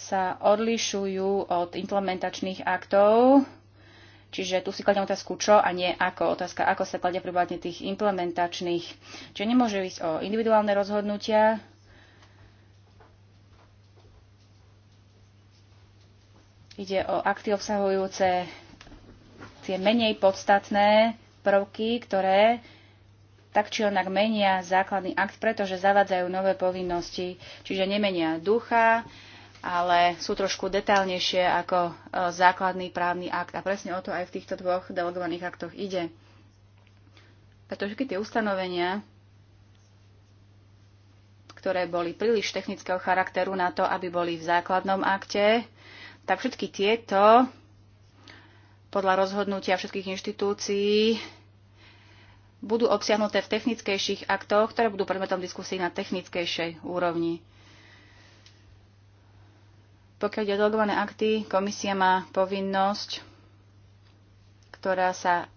sa odlišujú od implementačných aktov, Čiže tu si kladiem otázku čo a nie ako. Otázka, ako sa kladia prípadne tých implementačných. Čiže nemôže ísť o individuálne rozhodnutia, Ide o akty obsahujúce tie menej podstatné prvky, ktoré tak či onak menia základný akt, pretože zavadzajú nové povinnosti. Čiže nemenia ducha, ale sú trošku detálnejšie ako e, základný právny akt. A presne o to aj v týchto dvoch delegovaných aktoch ide. Pretože keď tie ustanovenia, ktoré boli príliš technického charakteru na to, aby boli v základnom akte, tak všetky tieto podľa rozhodnutia všetkých inštitúcií budú obsiahnuté v technickejších aktoch, ktoré budú predmetom diskusí na technickejšej úrovni. Pokiaľ ide delegované akty, komisia má povinnosť, ktorá sa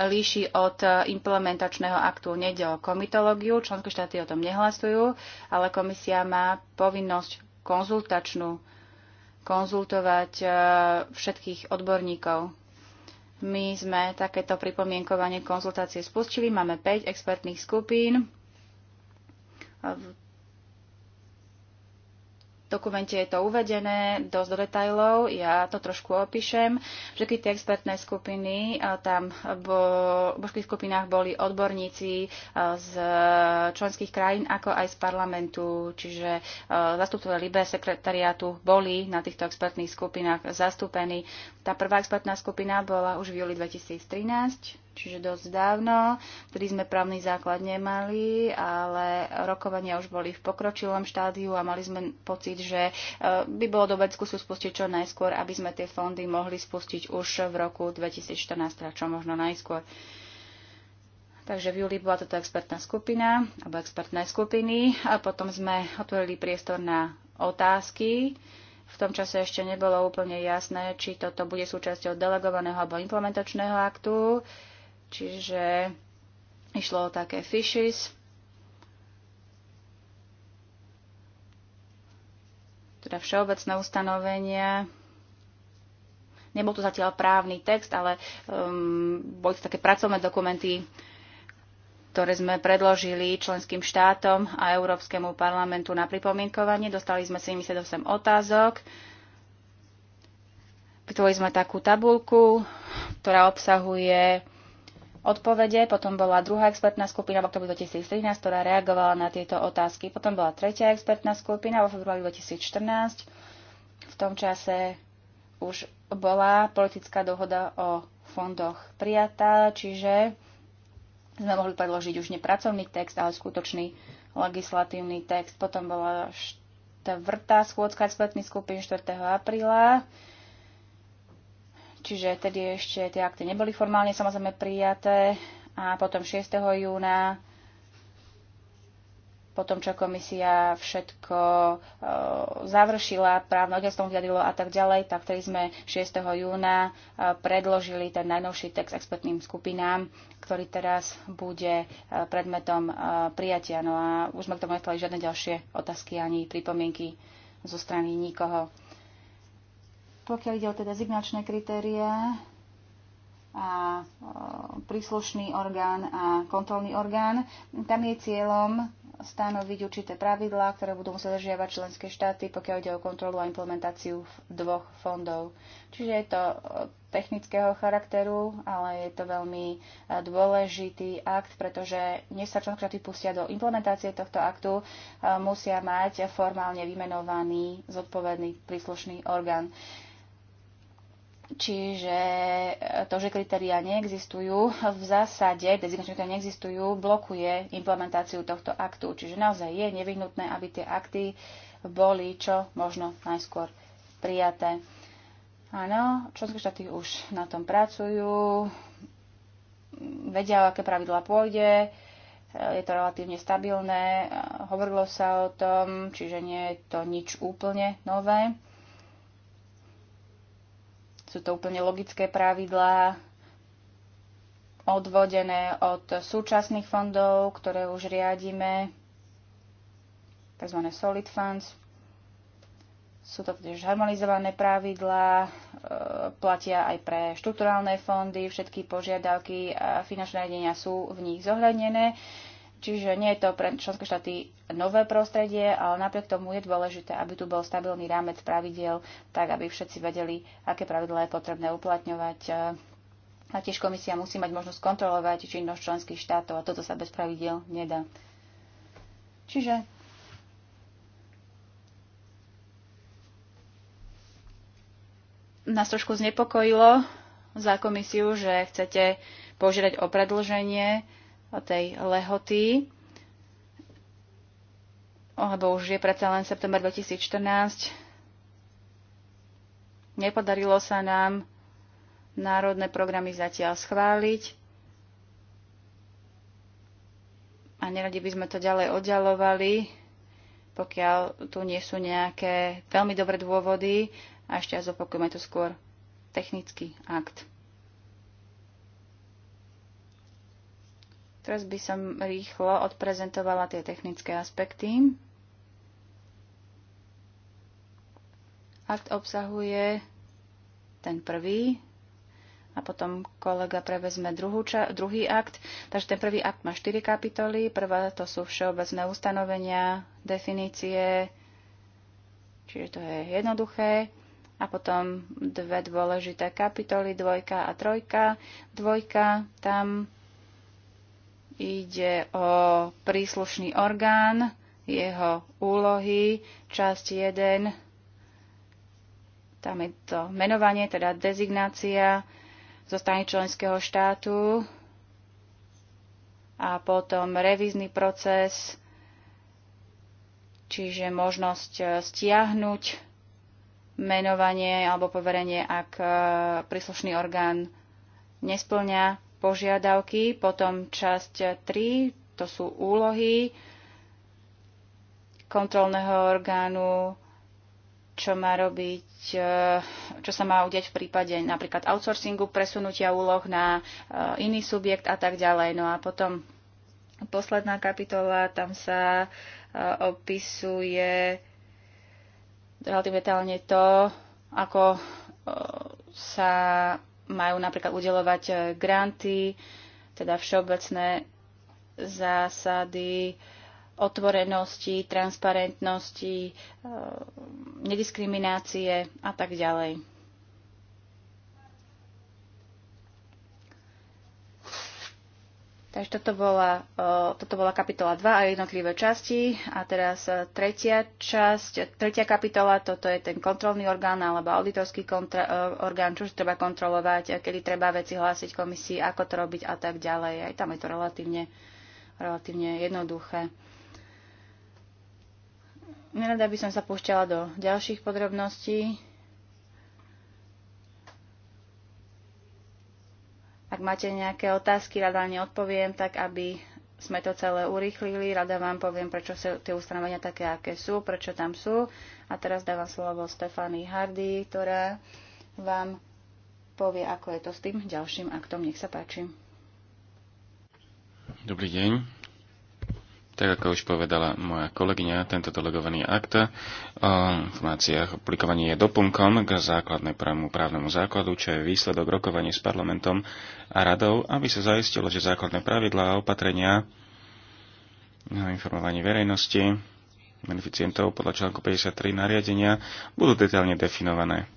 líši od e, implementačného aktu. Nejde o komitológiu, členské štáty o tom nehlasujú, ale komisia má povinnosť konzultačnú konzultovať e, všetkých odborníkov. My sme takéto pripomienkovanie konzultácie spustili. Máme 5 expertných skupín e, dokumente je to uvedené dosť do detajlov, ja to trošku opíšem. Všetky tie expertné skupiny, tam v božských skupinách boli odborníci z členských krajín, ako aj z parlamentu, čiže zastupcovia Libe sekretariátu boli na týchto expertných skupinách zastúpení. Tá prvá expertná skupina bola už v júli 2013, čiže dosť dávno, vtedy sme právny základ nemali, ale rokovania už boli v pokročilom štádiu a mali sme pocit, že e, by bolo dobre skúsiť spustiť čo najskôr, aby sme tie fondy mohli spustiť už v roku 2014, teda čo možno najskôr. Takže v júli bola toto expertná skupina, alebo expertné skupiny. A potom sme otvorili priestor na otázky. V tom čase ešte nebolo úplne jasné, či toto bude súčasťou delegovaného alebo implementačného aktu, čiže išlo o také fishes, teda všeobecné ustanovenia. Nebol to zatiaľ právny text, ale um, boli to také pracovné dokumenty ktoré sme predložili členským štátom a Európskemu parlamentu na pripomienkovanie. Dostali sme 78 otázok. Vytvorili sme takú tabulku, ktorá obsahuje odpovede. Potom bola druhá expertná skupina v oktobri 2013, ktorá reagovala na tieto otázky. Potom bola tretia expertná skupina vo februári 2014. V tom čase už bola politická dohoda o fondoch prijatá, čiže sme mohli predložiť už nepracovný text, ale skutočný legislatívny text. Potom bola štvrtá schôdzka expertných skupín 4. apríla. Čiže tedy ešte tie akty neboli formálne samozrejme prijaté. A potom 6. júna po tom, čo komisia všetko e, završila, právne agentstvo vyjadrilo a tak ďalej, tak vtedy sme 6. júna e, predložili ten najnovší text expertným skupinám, ktorý teraz bude e, predmetom e, prijatia. No a už sme k tomu nechali žiadne ďalšie otázky ani pripomienky zo strany nikoho. Pokiaľ ide o teda zignačné kritéria a príslušný orgán a kontrolný orgán, tam je cieľom stanoviť určité pravidlá, ktoré budú musieť držiavať členské štáty, pokiaľ ide o kontrolu a implementáciu dvoch fondov. Čiže je to eh, technického charakteru, ale je to veľmi eh, dôležitý akt, pretože než sa členské štáty pustia do implementácie tohto aktu, eh, musia mať formálne vymenovaný zodpovedný príslušný orgán. Čiže e, to, že kritéria neexistujú, v zásade designačné kritéria neexistujú, blokuje implementáciu tohto aktu. Čiže naozaj je nevyhnutné, aby tie akty boli čo možno najskôr prijaté. Áno, členské štáty už na tom pracujú, vedia, aké pravidla pôjde, e, je to relatívne stabilné, e, hovorilo sa o tom, čiže nie je to nič úplne nové. Sú to úplne logické pravidlá, odvodené od súčasných fondov, ktoré už riadíme, tzv. solid funds. Sú to tiež harmonizované pravidlá, e, platia aj pre štrukturálne fondy, všetky požiadavky a finančné riadenia sú v nich zohľadnené. Čiže nie je to pre členské štáty nové prostredie, ale napriek tomu je dôležité, aby tu bol stabilný rámec pravidiel, tak aby všetci vedeli, aké pravidlá je potrebné uplatňovať. E, a tiež komisia musí mať možnosť kontrolovať činnosť členských štátov a toto sa bez pravidiel nedá. Čiže nás trošku znepokojilo za komisiu, že chcete požiadať o predlženie tej lehoty, lebo už je predsa len september 2014. Nepodarilo sa nám národné programy zatiaľ schváliť a neradi by sme to ďalej oddialovali, pokiaľ tu nie sú nejaké veľmi dobré dôvody a ešte aj zopakujeme to skôr technický akt. Teraz by som rýchlo odprezentovala tie technické aspekty. Akt obsahuje ten prvý a potom kolega prevezme ča- druhý akt. Takže ten prvý akt má 4 kapitoly. Prvá to sú všeobecné ustanovenia, definície, čiže to je jednoduché. A potom dve dôležité kapitoly, dvojka a trojka. Dvojka, tam Ide o príslušný orgán, jeho úlohy, časť 1, tam je to menovanie, teda dezignácia zo strany členského štátu a potom revízny proces, čiže možnosť e, stiahnuť menovanie alebo poverenie, ak e, príslušný orgán nesplňa požiadavky, potom časť 3, to sú úlohy kontrolného orgánu, čo má robiť, e, čo sa má udeť v prípade napríklad outsourcingu, presunutia úloh na e, iný subjekt a tak ďalej. No a potom posledná kapitola, tam sa e, opisuje relatívne to, ako sa majú napríklad udelovať e, granty, teda všeobecné zásady otvorenosti, transparentnosti, e, nediskriminácie a tak ďalej. Takže toto bola, toto bola kapitola 2 a jednotlivé časti. A teraz e, tretia časť, tretia kapitola, toto je ten kontrolný orgán alebo auditorský kontra, e, orgán, čo už treba kontrolovať, e, kedy treba veci hlásiť komisii, ako to robiť a tak ďalej. Aj tam je to relatívne, relatívne jednoduché. Nerada by som sa púšťala do ďalších podrobností. Ak máte nejaké otázky, rada neodpoviem, tak aby sme to celé urýchlili. Rada vám poviem, prečo sú tie ustanovenia také, aké sú, prečo tam sú. A teraz dávam slovo Stefany Hardy, ktorá vám povie, ako je to s tým ďalším aktom. Nech sa páči. Dobrý deň. Tak ako už povedala moja kolegyňa, tento delegovaný akt o informáciách publikovaní je doplnkom k základnej právnu právnemu základu, čo je výsledok rokovaní s parlamentom a radou, aby sa zaistilo, že základné pravidlá a opatrenia na informovanie verejnosti beneficientov podľa článku 53 nariadenia budú detailne definované.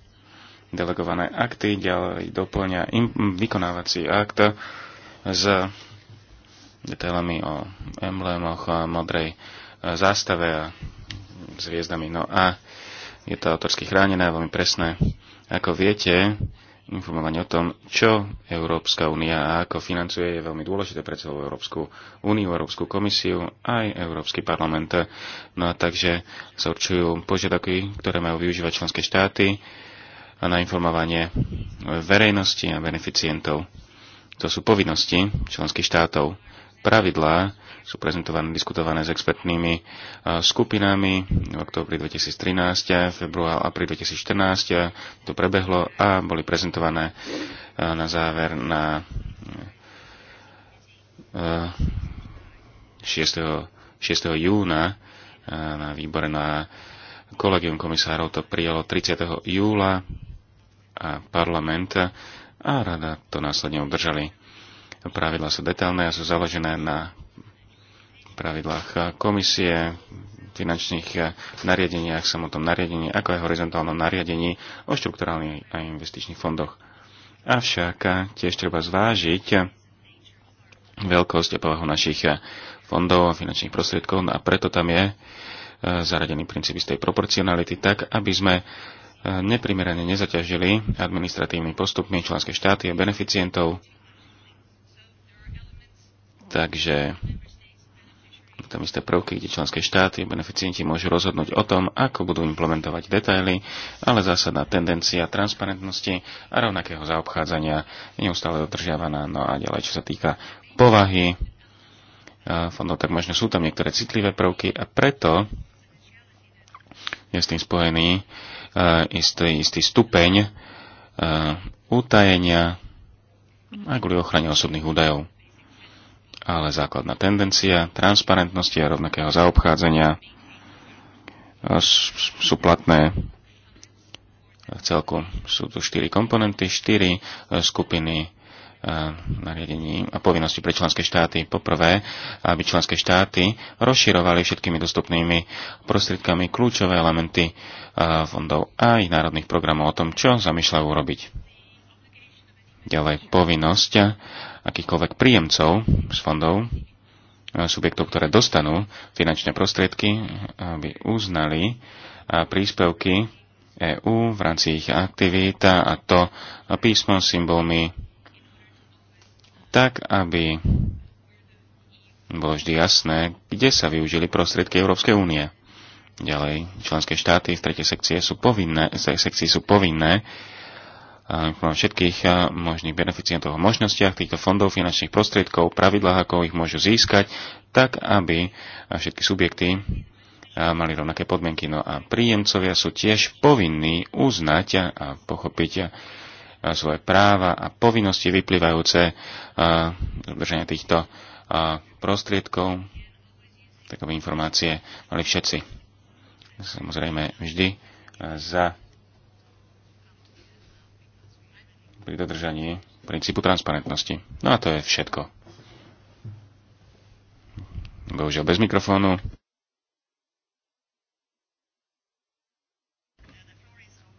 Delegované akty ďalej doplňa vykonávací akt z detailami o emblémoch, o modrej e, zástave a s hviezdami. No a je to autorsky chránené veľmi presné. Ako viete, informovanie o tom, čo Európska únia a ako financuje, je veľmi dôležité pre celú Európsku úniu, Európsku komisiu aj Európsky parlament. No a takže sa určujú požiadavky, ktoré majú využívať členské štáty na informovanie verejnosti a beneficientov. To sú povinnosti členských štátov pravidlá sú prezentované, diskutované s expertnými e, skupinami v oktobri 2013, február, apríl 2014. E, to prebehlo a boli prezentované e, na záver na 6. 6. júna na výbore na kolegium komisárov to prijalo 30. júla a parlament a rada to následne obdržali. Pravidlá sú detailné a sú založené na pravidlách komisie, finančných nariadeniach, samotnom nariadení, ako aj horizontálnom nariadení o štrukturálnych a investičných fondoch. Avšak tiež treba zvážiť veľkosť a povahu našich fondov a finančných prostriedkov no a preto tam je e, zaradený princíp istej proporcionality tak, aby sme e, neprimerane nezaťažili administratívnymi postupmi členské štáty a beneficientov Takže tam isté prvky, kde členské štáty, beneficienti môžu rozhodnúť o tom, ako budú implementovať detaily, ale zásadná tendencia transparentnosti a rovnakého zaobchádzania je neustále dodržiavaná. No a ďalej, čo sa týka povahy e, fondov, tak možno sú tam niektoré citlivé prvky a preto je s tým spojený e, istý, istý stupeň e, utajenia a kvôli ochrane osobných údajov ale základná tendencia transparentnosti a rovnakého zaobchádzania e, sú platné v Sú tu štyri komponenty, štyri e, skupiny e, nariadení a povinnosti pre členské štáty. Poprvé, aby členské štáty rozširovali všetkými dostupnými prostriedkami kľúčové elementy fondov a ich národných programov o tom, čo zamýšľajú urobiť. Ďalej povinnosť akýchkoľvek príjemcov z fondov, eh, subjektov, ktoré dostanú finančné prostriedky, aby uznali eh, príspevky EÚ v rámci ich aktivít a to písmo symbolmi, tak aby bolo vždy jasné, kde sa využili prostriedky Európskej únie. Ďalej, členské štáty v tretej sekcii sú povinné, sekcii sú povinné všetkých možných beneficientov o možnostiach týchto fondov finančných prostriedkov, pravidlách, ako ich môžu získať, tak aby všetky subjekty mali rovnaké podmienky. No a príjemcovia sú tiež povinní uznať a pochopiť svoje práva a povinnosti vyplývajúce z udržania týchto prostriedkov. Takové informácie mali všetci. Samozrejme vždy za pri dodržaní princípu transparentnosti. No a to je všetko. Bohužiaľ bez mikrofónu.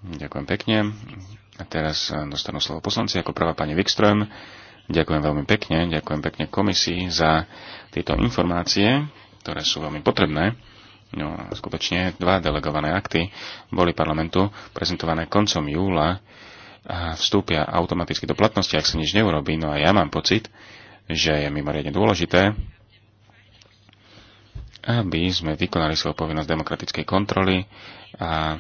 Ďakujem pekne. A teraz eh, dostanú slovo poslanci ako prvá pani Wikström. Ďakujem veľmi pekne, ďakujem pekne komisii za tieto informácie, ktoré sú veľmi potrebné. No, skutočne dva delegované akty boli parlamentu prezentované koncom júla vstúpia automaticky do platnosti, ak sa nič neurobí. No a ja mám pocit, že je mimoriadne dôležité, aby sme vykonali svoju povinnosť demokratickej kontroly a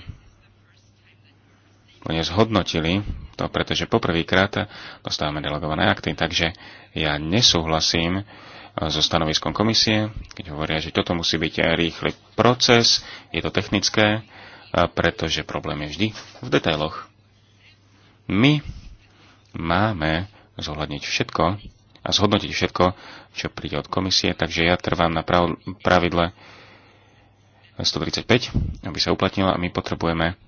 plne zhodnotili to, pretože poprvýkrát dostávame delegované akty. Takže ja nesúhlasím so stanoviskom komisie, keď hovoria, že toto musí byť rýchly proces, je to technické, pretože problém je vždy v detailoch. My máme zohľadniť všetko a zhodnotiť všetko, čo príde od komisie, takže ja trvám na pravidle 135, aby sa uplatnila a my potrebujeme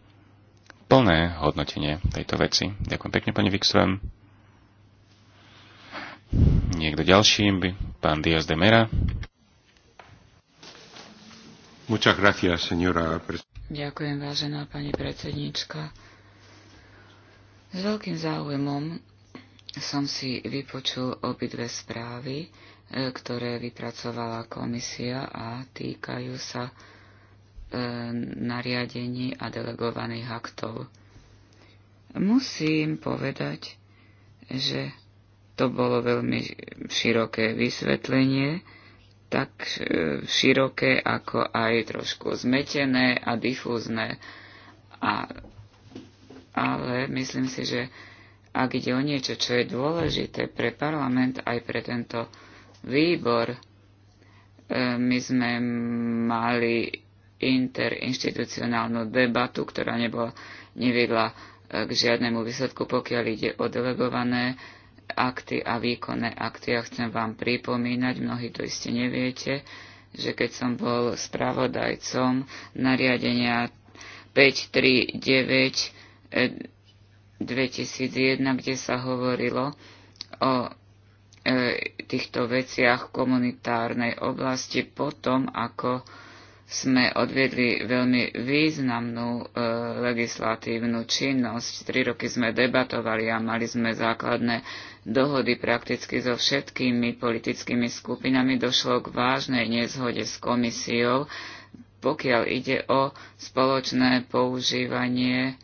plné hodnotenie tejto veci. Ďakujem pekne, pani Wikström. Niekto ďalší by pán Diaz de Mera. Muchas gracias, señora. Ďakujem, vážená pani predsednička. S veľkým záujmom som si vypočul obidve správy, e, ktoré vypracovala komisia a týkajú sa e, nariadení a delegovaných aktov. Musím povedať, že to bolo veľmi široké vysvetlenie, tak e, široké ako aj trošku zmetené a difúzne. A ale myslím si, že ak ide o niečo, čo je dôležité pre parlament aj pre tento výbor, e, my sme mali interinstitucionálnu debatu, ktorá nebola, neviedla e, k žiadnemu výsledku, pokiaľ ide o delegované akty a výkonné akty. Ja chcem vám pripomínať, mnohí to iste neviete, že keď som bol spravodajcom nariadenia 539 2001, e, kde sa hovorilo o e, týchto veciach v komunitárnej oblasti potom, ako sme odvedli veľmi významnú e, legislatívnu činnosť. Tri roky sme debatovali a mali sme základné dohody prakticky so všetkými politickými skupinami. Došlo k vážnej nezhode s komisiou, pokiaľ ide o spoločné používanie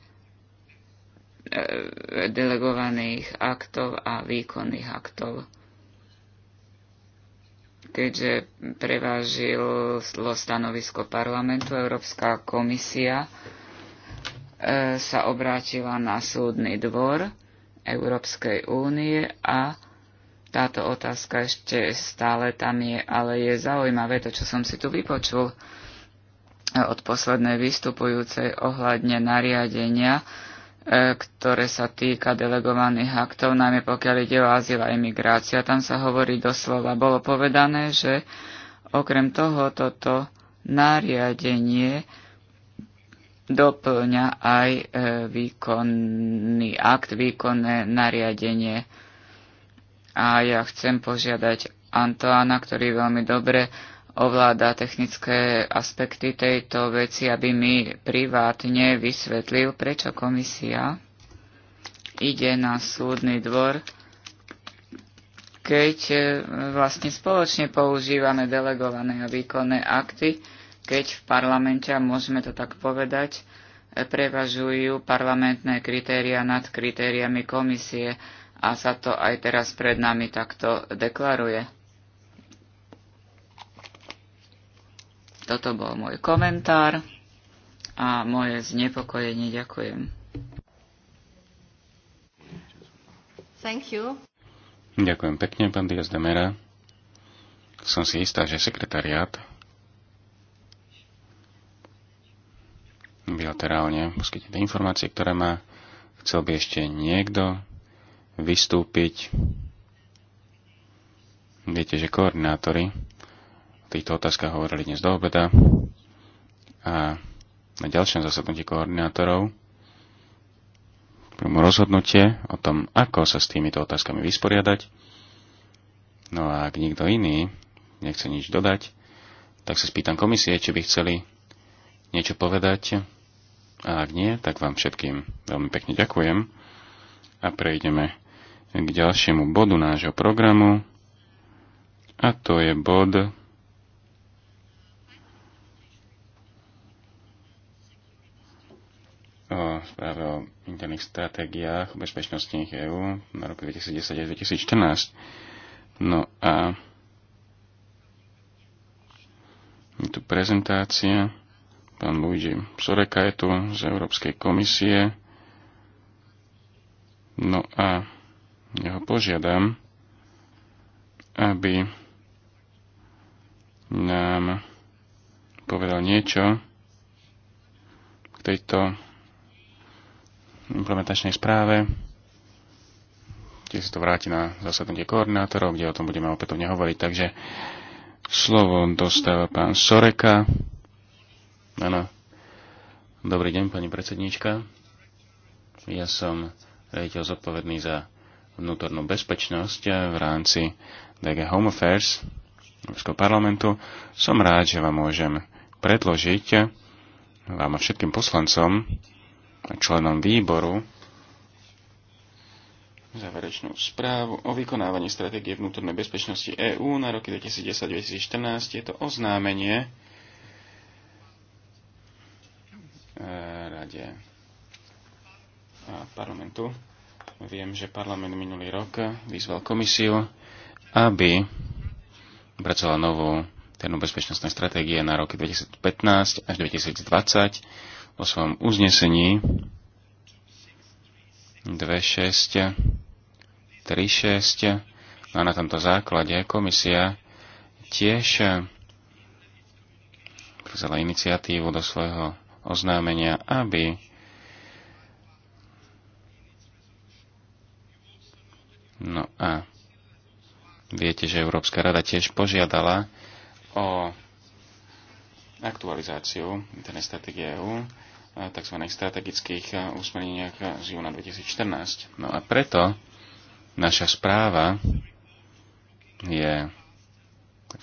E, delegovaných aktov a výkonných aktov. Keďže prevážilo stanovisko parlamentu, Európska komisia e, sa obrátila na súdny dvor Európskej únie a táto otázka ešte stále tam je, ale je zaujímavé to, čo som si tu vypočul od poslednej vystupujúcej ohľadne nariadenia E, ktoré sa týka delegovaných aktov, najmä pokiaľ ide o azyl a imigrácia. Tam sa hovorí doslova. Bolo povedané, že okrem toho toto nariadenie doplňa aj e, výkonný akt, výkonné nariadenie. A ja chcem požiadať Antoána, ktorý veľmi dobre ovláda technické aspekty tejto veci, aby mi privátne vysvetlil, prečo komisia ide na súdny dvor, keď e, vlastne spoločne používame delegované a výkonné akty, keď v parlamente, a môžeme to tak povedať, prevažujú parlamentné kritéria nad kritériami komisie a sa to aj teraz pred nami takto deklaruje. Toto bol môj komentár a moje znepokojenie. Ďakujem. Thank you. Ďakujem pekne, pán Diaz de Mera. Som si istá, že sekretariát bilaterálne poskytne informácie, ktoré má. Chcel by ešte niekto vystúpiť. Viete, že koordinátori týchto otázkach hovorili dnes do obeda a na ďalšom zasadnutí koordinátorov prvom rozhodnutie o tom, ako sa s týmito otázkami vysporiadať. No a ak nikto iný nechce nič dodať, tak sa spýtam komisie, či by chceli niečo povedať. A ak nie, tak vám všetkým veľmi pekne ďakujem a prejdeme k ďalšiemu bodu nášho programu. A to je bod o správe o interných stratégiách bezpečnostných EÚ na roku 2010 až 2014. No a je tu prezentácia. Pán Luigi Soreka je tu z Európskej komisie. No a ja ho požiadam, aby nám povedal niečo k tejto implementačnej správe, kde sa to vráti na zasadnutie koordinátorov, kde o tom budeme opätovne hovoriť. Takže slovo dostáva pán Soreka. Áno. Dobrý deň, pani predsednička. Ja som riaditeľ zodpovedný za vnútornú bezpečnosť v rámci DG Home Affairs Európskeho parlamentu. Som rád, že vám môžem predložiť vám a všetkým poslancom členom výboru záverečnú správu o vykonávaní stratégie vnútornej bezpečnosti EÚ na roky 2010-2014. Je to oznámenie e, Rade a parlamentu. Viem, že parlament minulý rok vyzval komisiu, aby pracovala novú ternu bezpečnostnej stratégie na roky 2015 až 2020 o svojom uznesení No a na tomto základe komisia tiež vzala iniciatívu do svojho oznámenia, aby No a viete, že Európska rada tiež požiadala o aktualizáciu internet strategie EÚ Eh, tzv. strategických úsmerneniach eh, eh, z júna 2014. No a preto naša správa je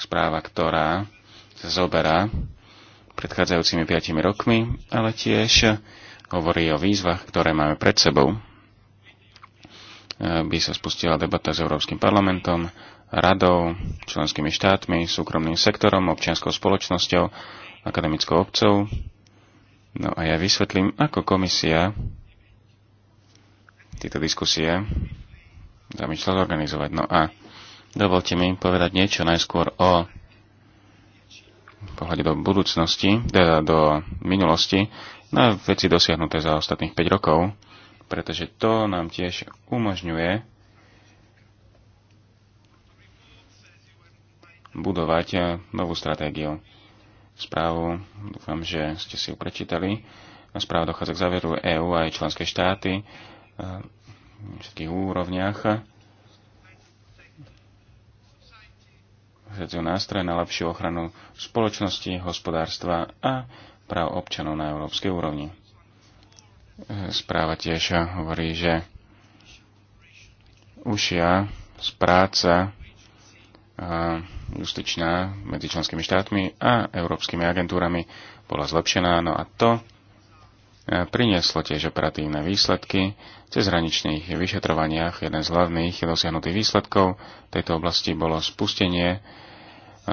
správa, ktorá sa zoberá predchádzajúcimi piatimi rokmi, ale tiež hovorí o výzvach, ktoré máme pred sebou. By sa spustila debata s Európskym parlamentom, radou, členskými štátmi, súkromným sektorom, občianskou spoločnosťou, akademickou obcov, No a ja vysvetlím, ako komisia tieto diskusie zamýšľa zorganizovať. No a dovolte mi povedať niečo najskôr o pohľade do budúcnosti, teda do minulosti, na veci dosiahnuté za ostatných 5 rokov, pretože to nám tiež umožňuje budovať novú stratégiu správu. Dúfam, že ste si ju prečítali. Správa dochádza k záveru EÚ a aj členské štáty e, na všetkých úrovniach. Hľadzajú nástroje na lepšiu ochranu spoločnosti, hospodárstva a práv občanov na európskej úrovni. E, správa tiež hovorí, že ušia z práca e, justičná medzi členskými štátmi a európskymi agentúrami bola zlepšená, no a to e, prinieslo tiež operatívne výsledky. Cez hraničných vyšetrovaniach jeden z hlavných dosiahnutých výsledkov tejto oblasti bolo spustenie e,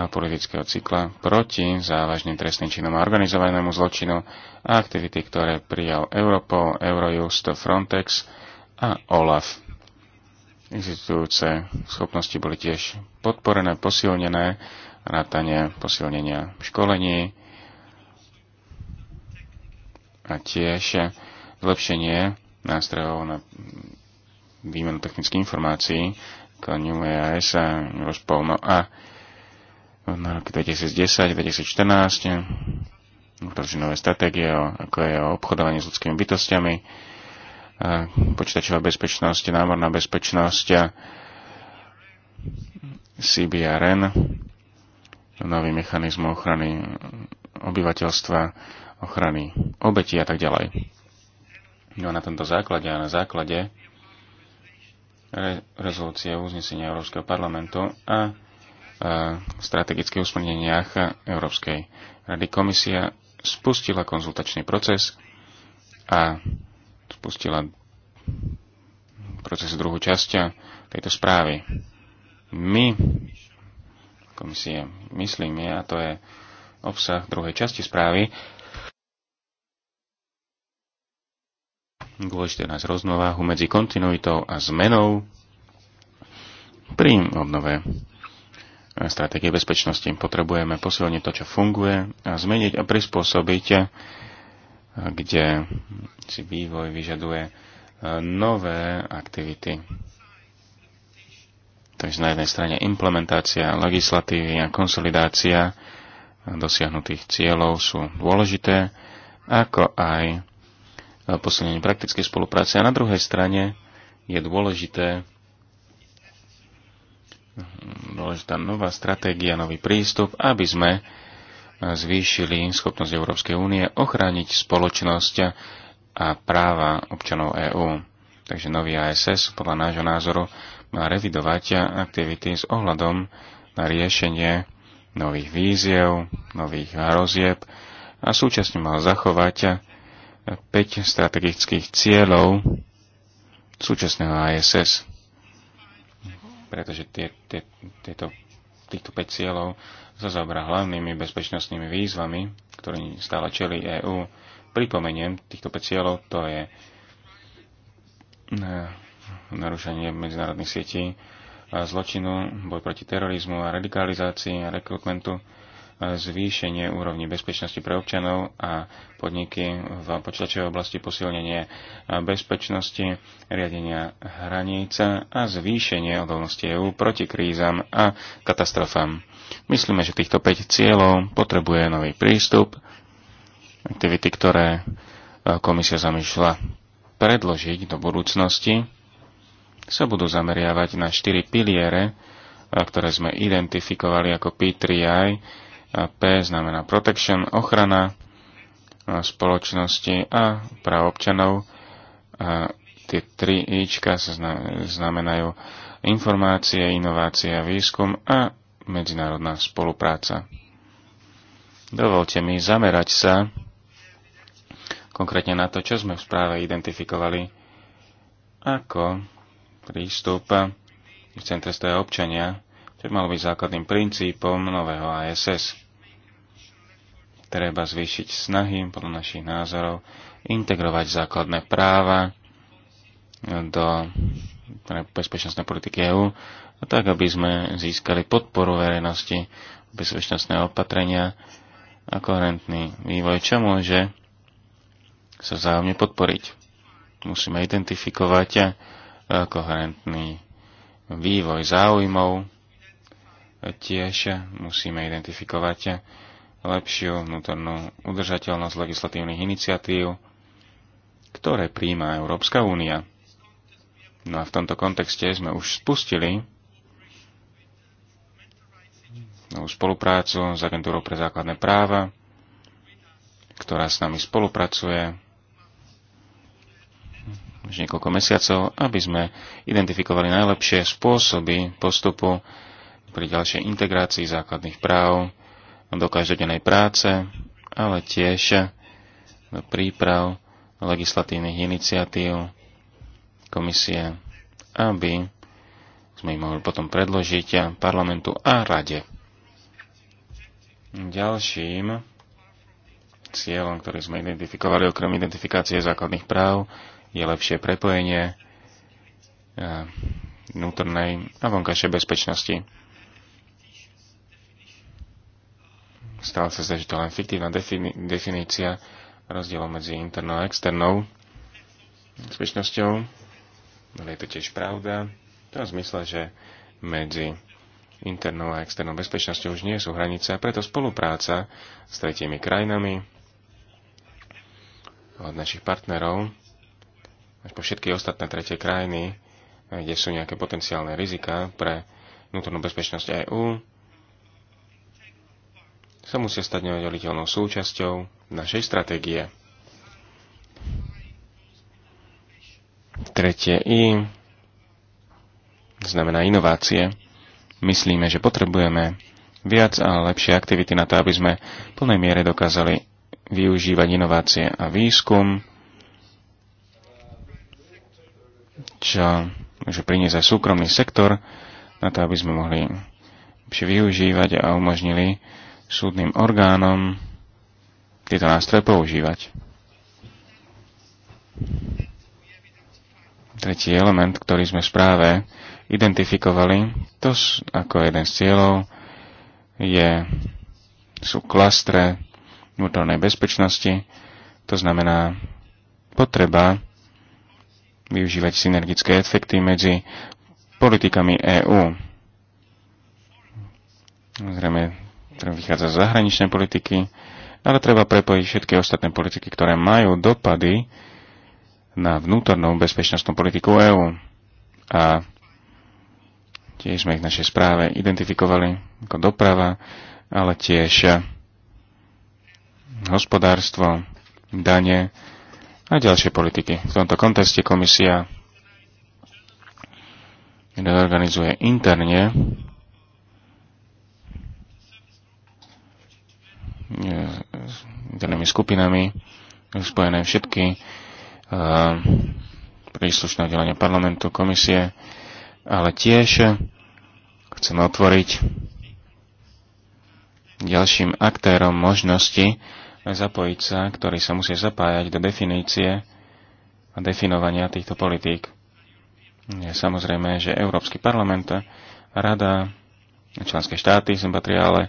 politického cykla proti závažným trestným činom a organizovanému zločinu a aktivity, ktoré prijal Europol, Eurojust, Frontex a OLAF. Existujúce schopnosti boli tiež podporené, posilnené, rátanie posilnenia školení a tiež zlepšenie nástrojov na výmenu technických informácií k New EAS a Rozpol. No a na roky 2010-2014 vytrží nové stratégie, ako je o obchodovaní s ľudskými bytostiami, Eh, počítačová bezpečnosť, námorná bezpečnosť, CBRN, nový mechanizmus ochrany obyvateľstva, ochrany obetí a tak ďalej. No a na tomto základe a na základe re- rezolúcie uznesenia Európskeho parlamentu a eh, strategických usmerneniach Európskej rady komisia spustila konzultačný proces a spustila proces druhú časť tejto správy. My, komisie, myslíme, a to je obsah druhej časti správy, dôležité nás roznováhu medzi kontinuitou a zmenou pri obnove stratégie bezpečnosti. Potrebujeme posilniť to, čo funguje a zmeniť a prispôsobiť kde si vývoj vyžaduje e, nové aktivity. Takže na jednej strane implementácia legislatívy a konsolidácia e, dosiahnutých cieľov sú dôležité, ako aj e, posilnenie praktickej spolupráce. A na druhej strane je dôležité dôležitá nová stratégia, nový prístup, aby sme zvýšili schopnosť Európskej únie ochrániť spoločnosť a práva občanov EÚ. Takže nový ASS podľa nášho názoru má revidovať aktivity s ohľadom na riešenie nových víziev, nových hrozieb a súčasne mal zachovať 5 strategických cieľov súčasného ASS. Pretože tie, tie, tieto týchto 5 cieľov sa zaoberá hlavnými bezpečnostnými výzvami, ktoré stále čeli EÚ. Pripomeniem, týchto 5 cieľov to je e, narušenie medzinárodných sietí, zločinu, boj proti terorizmu a radikalizácii a rekrutmentu, zvýšenie úrovni bezpečnosti pre občanov a podniky v počítačovej oblasti, posilnenie bezpečnosti, riadenia hraníc a zvýšenie odolnosti EÚ proti krízam a katastrofám. Myslíme, že týchto 5 cieľov potrebuje nový prístup, aktivity, ktoré e, komisia zamýšľa predložiť do budúcnosti, sa budú zameriavať na štyri piliere, e, ktoré sme identifikovali ako P3I P znamená protection, ochrana spoločnosti a práv občanov. A tie tri Ička sa znamenajú informácie, inovácia, výskum a medzinárodná spolupráca. Dovolte mi zamerať sa konkrétne na to, čo sme v správe identifikovali ako prístup v centre stoja občania, čo malo byť základným princípom nového ASS treba zvýšiť snahy, podľa našich názorov, integrovať základné práva do teda bezpečnostnej politiky EÚ, tak aby sme získali podporu verejnosti bezpečnostné opatrenia a koherentný vývoj, čo môže sa vzájomne podporiť. Musíme identifikovať e, koherentný vývoj záujmov, tiež musíme identifikovať lepšiu vnútornú udržateľnosť legislatívnych iniciatív, ktoré príjma Európska únia. No a v tomto kontexte sme už spustili novú spoluprácu s Agentúrou pre základné práva, ktorá s nami spolupracuje už niekoľko mesiacov, aby sme identifikovali najlepšie spôsoby postupu pri ďalšej integrácii základných práv do každodennej práce, ale tiež do príprav legislatívnych iniciatív komisie, aby sme ich mohli potom predložiť parlamentu a rade. Ďalším cieľom, ktorý sme identifikovali okrem identifikácie základných práv, je lepšie prepojenie eh, vnútornej a vonkajšej bezpečnosti. stále sa zdá, že to je len fiktívna defini- definícia rozdielov medzi internou a externou bezpečnosťou. Ale je to tiež pravda. V tom zmysle, že medzi internou a externou bezpečnosťou už nie sú hranice a preto spolupráca s tretími krajinami od našich partnerov až po všetky ostatné tretie krajiny, kde sú nejaké potenciálne rizika pre vnútornú bezpečnosť EÚ, sa musia stať neoddeliteľnou súčasťou našej stratégie. Tretie I znamená inovácie. Myslíme, že potrebujeme viac a lepšie aktivity na to, aby sme v plnej miere dokázali využívať inovácie a výskum, čo môže priniesť aj súkromný sektor na to, aby sme mohli lepšie využívať a umožnili súdnym orgánom tieto nástroje používať. Tretí element, ktorý sme v správe identifikovali, to ako jeden z cieľov je, sú klastre vnútornej bezpečnosti, to znamená potreba využívať synergické efekty medzi politikami EÚ. Zrejme ktorý vychádza z zahraničnej politiky, ale treba prepojiť všetky ostatné politiky, ktoré majú dopady na vnútornú bezpečnostnú politiku EÚ. A tiež sme ich v našej správe identifikovali ako doprava, ale tiež hospodárstvo, dane a ďalšie politiky. V tomto kontexte komisia organizuje interne E, danými skupinami spojené všetky e, príslušné oddelenia parlamentu, komisie, ale tiež chceme otvoriť ďalším aktérom možnosti zapojiť sa, ktorí sa musia zapájať do definície a definovania týchto politík. Je samozrejme, že Európsky parlament, Rada, členské štáty sem patria, ale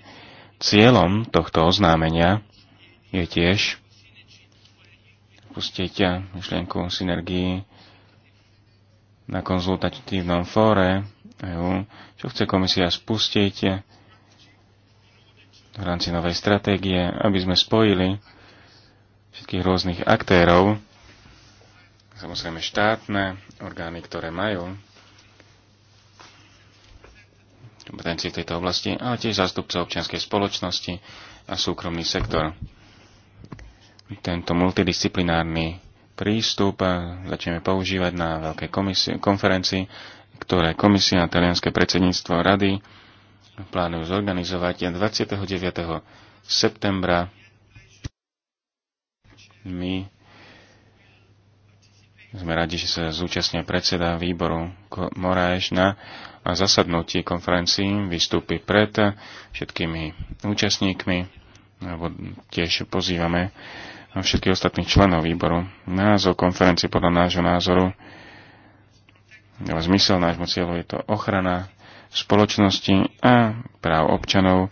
Cieľom tohto oznámenia je tiež pustiť myšlienku synergii na konzultatívnom fóre EU, čo chce komisia spustiť v rámci novej stratégie, aby sme spojili všetkých rôznych aktérov, samozrejme štátne orgány, ktoré majú kompetencií v tejto oblasti, ale tiež zástupcov občianskej spoločnosti a súkromný sektor. Tento multidisciplinárny prístup začneme používať na veľkej konferencii, ktoré komisia a talianské predsedníctvo rady plánujú zorganizovať 29. septembra. My sme radi, že sa zúčastnia predseda výboru Moraeš na zasadnutí konferencií vystúpi pred všetkými účastníkmi, alebo tiež pozývame všetkých ostatných členov výboru. Názov konferencie podľa nášho názoru, alebo zmysel nášmu cieľu je to ochrana spoločnosti a práv občanov,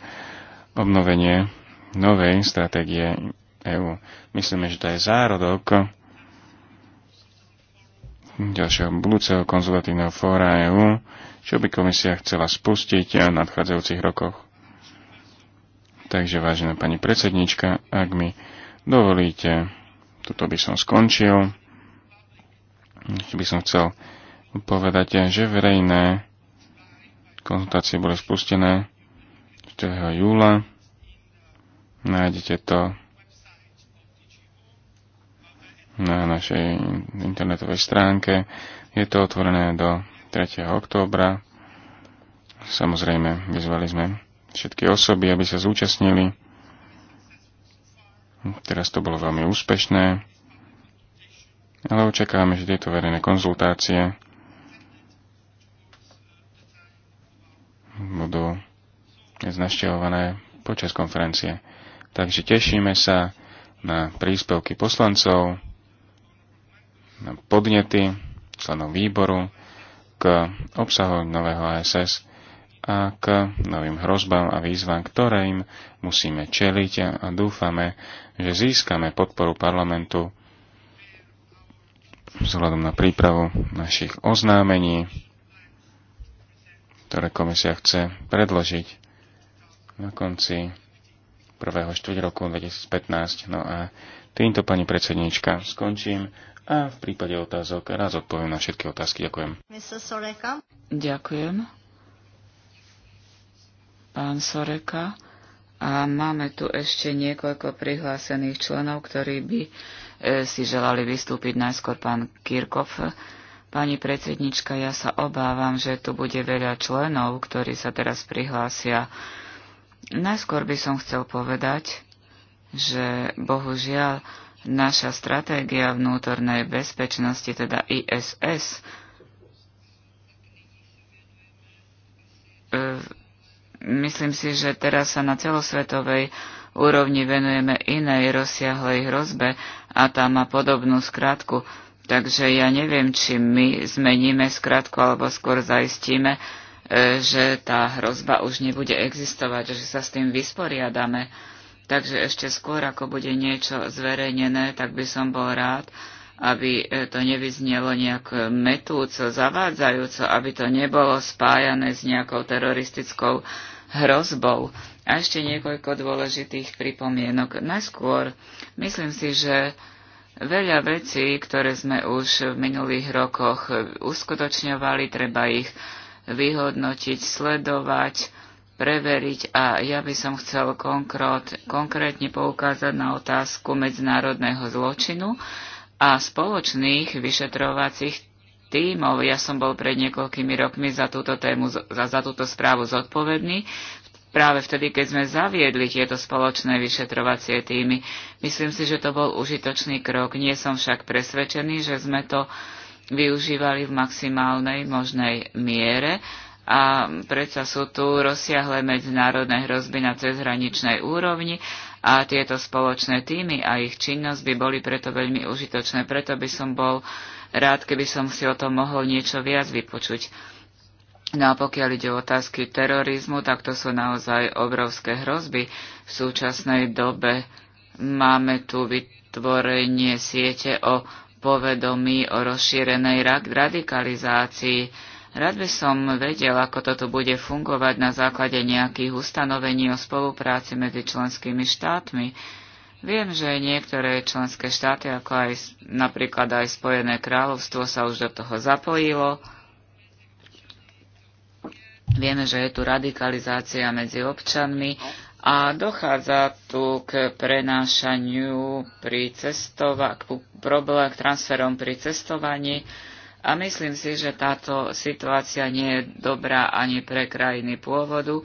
obnovenie novej stratégie EÚ. Myslíme, že to je zárodok ďalšieho budúceho konzultatívneho fóra EÚ čo by komisia chcela spustiť v nadchádzajúcich rokoch. Takže, vážená pani predsednička, ak mi dovolíte, toto by som skončil. Ešte by som chcel povedať, že verejné konzultácie boli spustené 4. júla. Nájdete to na našej internetovej stránke. Je to otvorené do 3. októbra. Samozrejme, vyzvali sme všetky osoby, aby sa zúčastnili. Teraz to bolo veľmi úspešné, ale očakávame, že tieto verejné konzultácie budú znašťahované počas konferencie. Takže tešíme sa na príspevky poslancov, na podnety členov výboru, k obsahu nového ASS a k novým hrozbám a výzvam, ktoré im musíme čeliť a dúfame, že získame podporu parlamentu vzhľadom na prípravu našich oznámení, ktoré komisia chce predložiť na konci prvého štvrť roku 2015. No a týmto, pani predsedníčka, skončím a v prípade otázok raz odpoviem na všetky otázky. Ďakujem. Ďakujem. Pán Soreka. A máme tu ešte niekoľko prihlásených členov, ktorí by e, si želali vystúpiť najskôr pán Kirkov. Pani predsednička, ja sa obávam, že tu bude veľa členov, ktorí sa teraz prihlásia. Najskôr by som chcel povedať, že bohužiaľ Naša stratégia vnútornej bezpečnosti, teda ISS, e, myslím si, že teraz sa na celosvetovej úrovni venujeme inej rozsiahlej hrozbe a tá má podobnú skratku. Takže ja neviem, či my zmeníme skratku alebo skôr zaistíme, e, že tá hrozba už nebude existovať, že sa s tým vysporiadame Takže ešte skôr, ako bude niečo zverejnené, tak by som bol rád, aby e, to nevyznelo nejak metúco, zavádzajúco, aby to nebolo spájané s nejakou teroristickou hrozbou. A ešte niekoľko dôležitých pripomienok. Najskôr, myslím si, že veľa vecí, ktoré sme už v minulých rokoch e, uskutočňovali, treba ich vyhodnotiť, sledovať, preveriť a ja by som chcel konkrét, konkrétne poukázať na otázku medzinárodného zločinu a spoločných vyšetrovacích tímov. Ja som bol pred niekoľkými rokmi za túto tému, za, za túto správu zodpovedný. Práve vtedy, keď sme zaviedli tieto spoločné vyšetrovacie týmy, myslím si, že to bol užitočný krok. Nie som však presvedčený, že sme to využívali v maximálnej možnej miere a predsa sú tu rozsiahle medzinárodné hrozby na cezhraničnej úrovni a tieto spoločné týmy a ich činnosť by boli preto veľmi užitočné. Preto by som bol rád, keby som si o tom mohol niečo viac vypočuť. No a pokiaľ ide o otázky terorizmu, tak to sú naozaj obrovské hrozby. V súčasnej dobe máme tu vytvorenie siete o povedomí o rozšírenej radikalizácii Rád by som vedel, ako toto bude fungovať na základe nejakých ustanovení o spolupráci medzi členskými štátmi. Viem, že niektoré členské štáty, ako aj napríklad aj Spojené kráľovstvo, sa už do toho zapojilo. Vieme, že je tu radikalizácia medzi občanmi a dochádza tu k prenášaniu pri cestova- k, problém, k transferom pri cestovaní a myslím si, že táto situácia nie je dobrá ani pre krajiny pôvodu,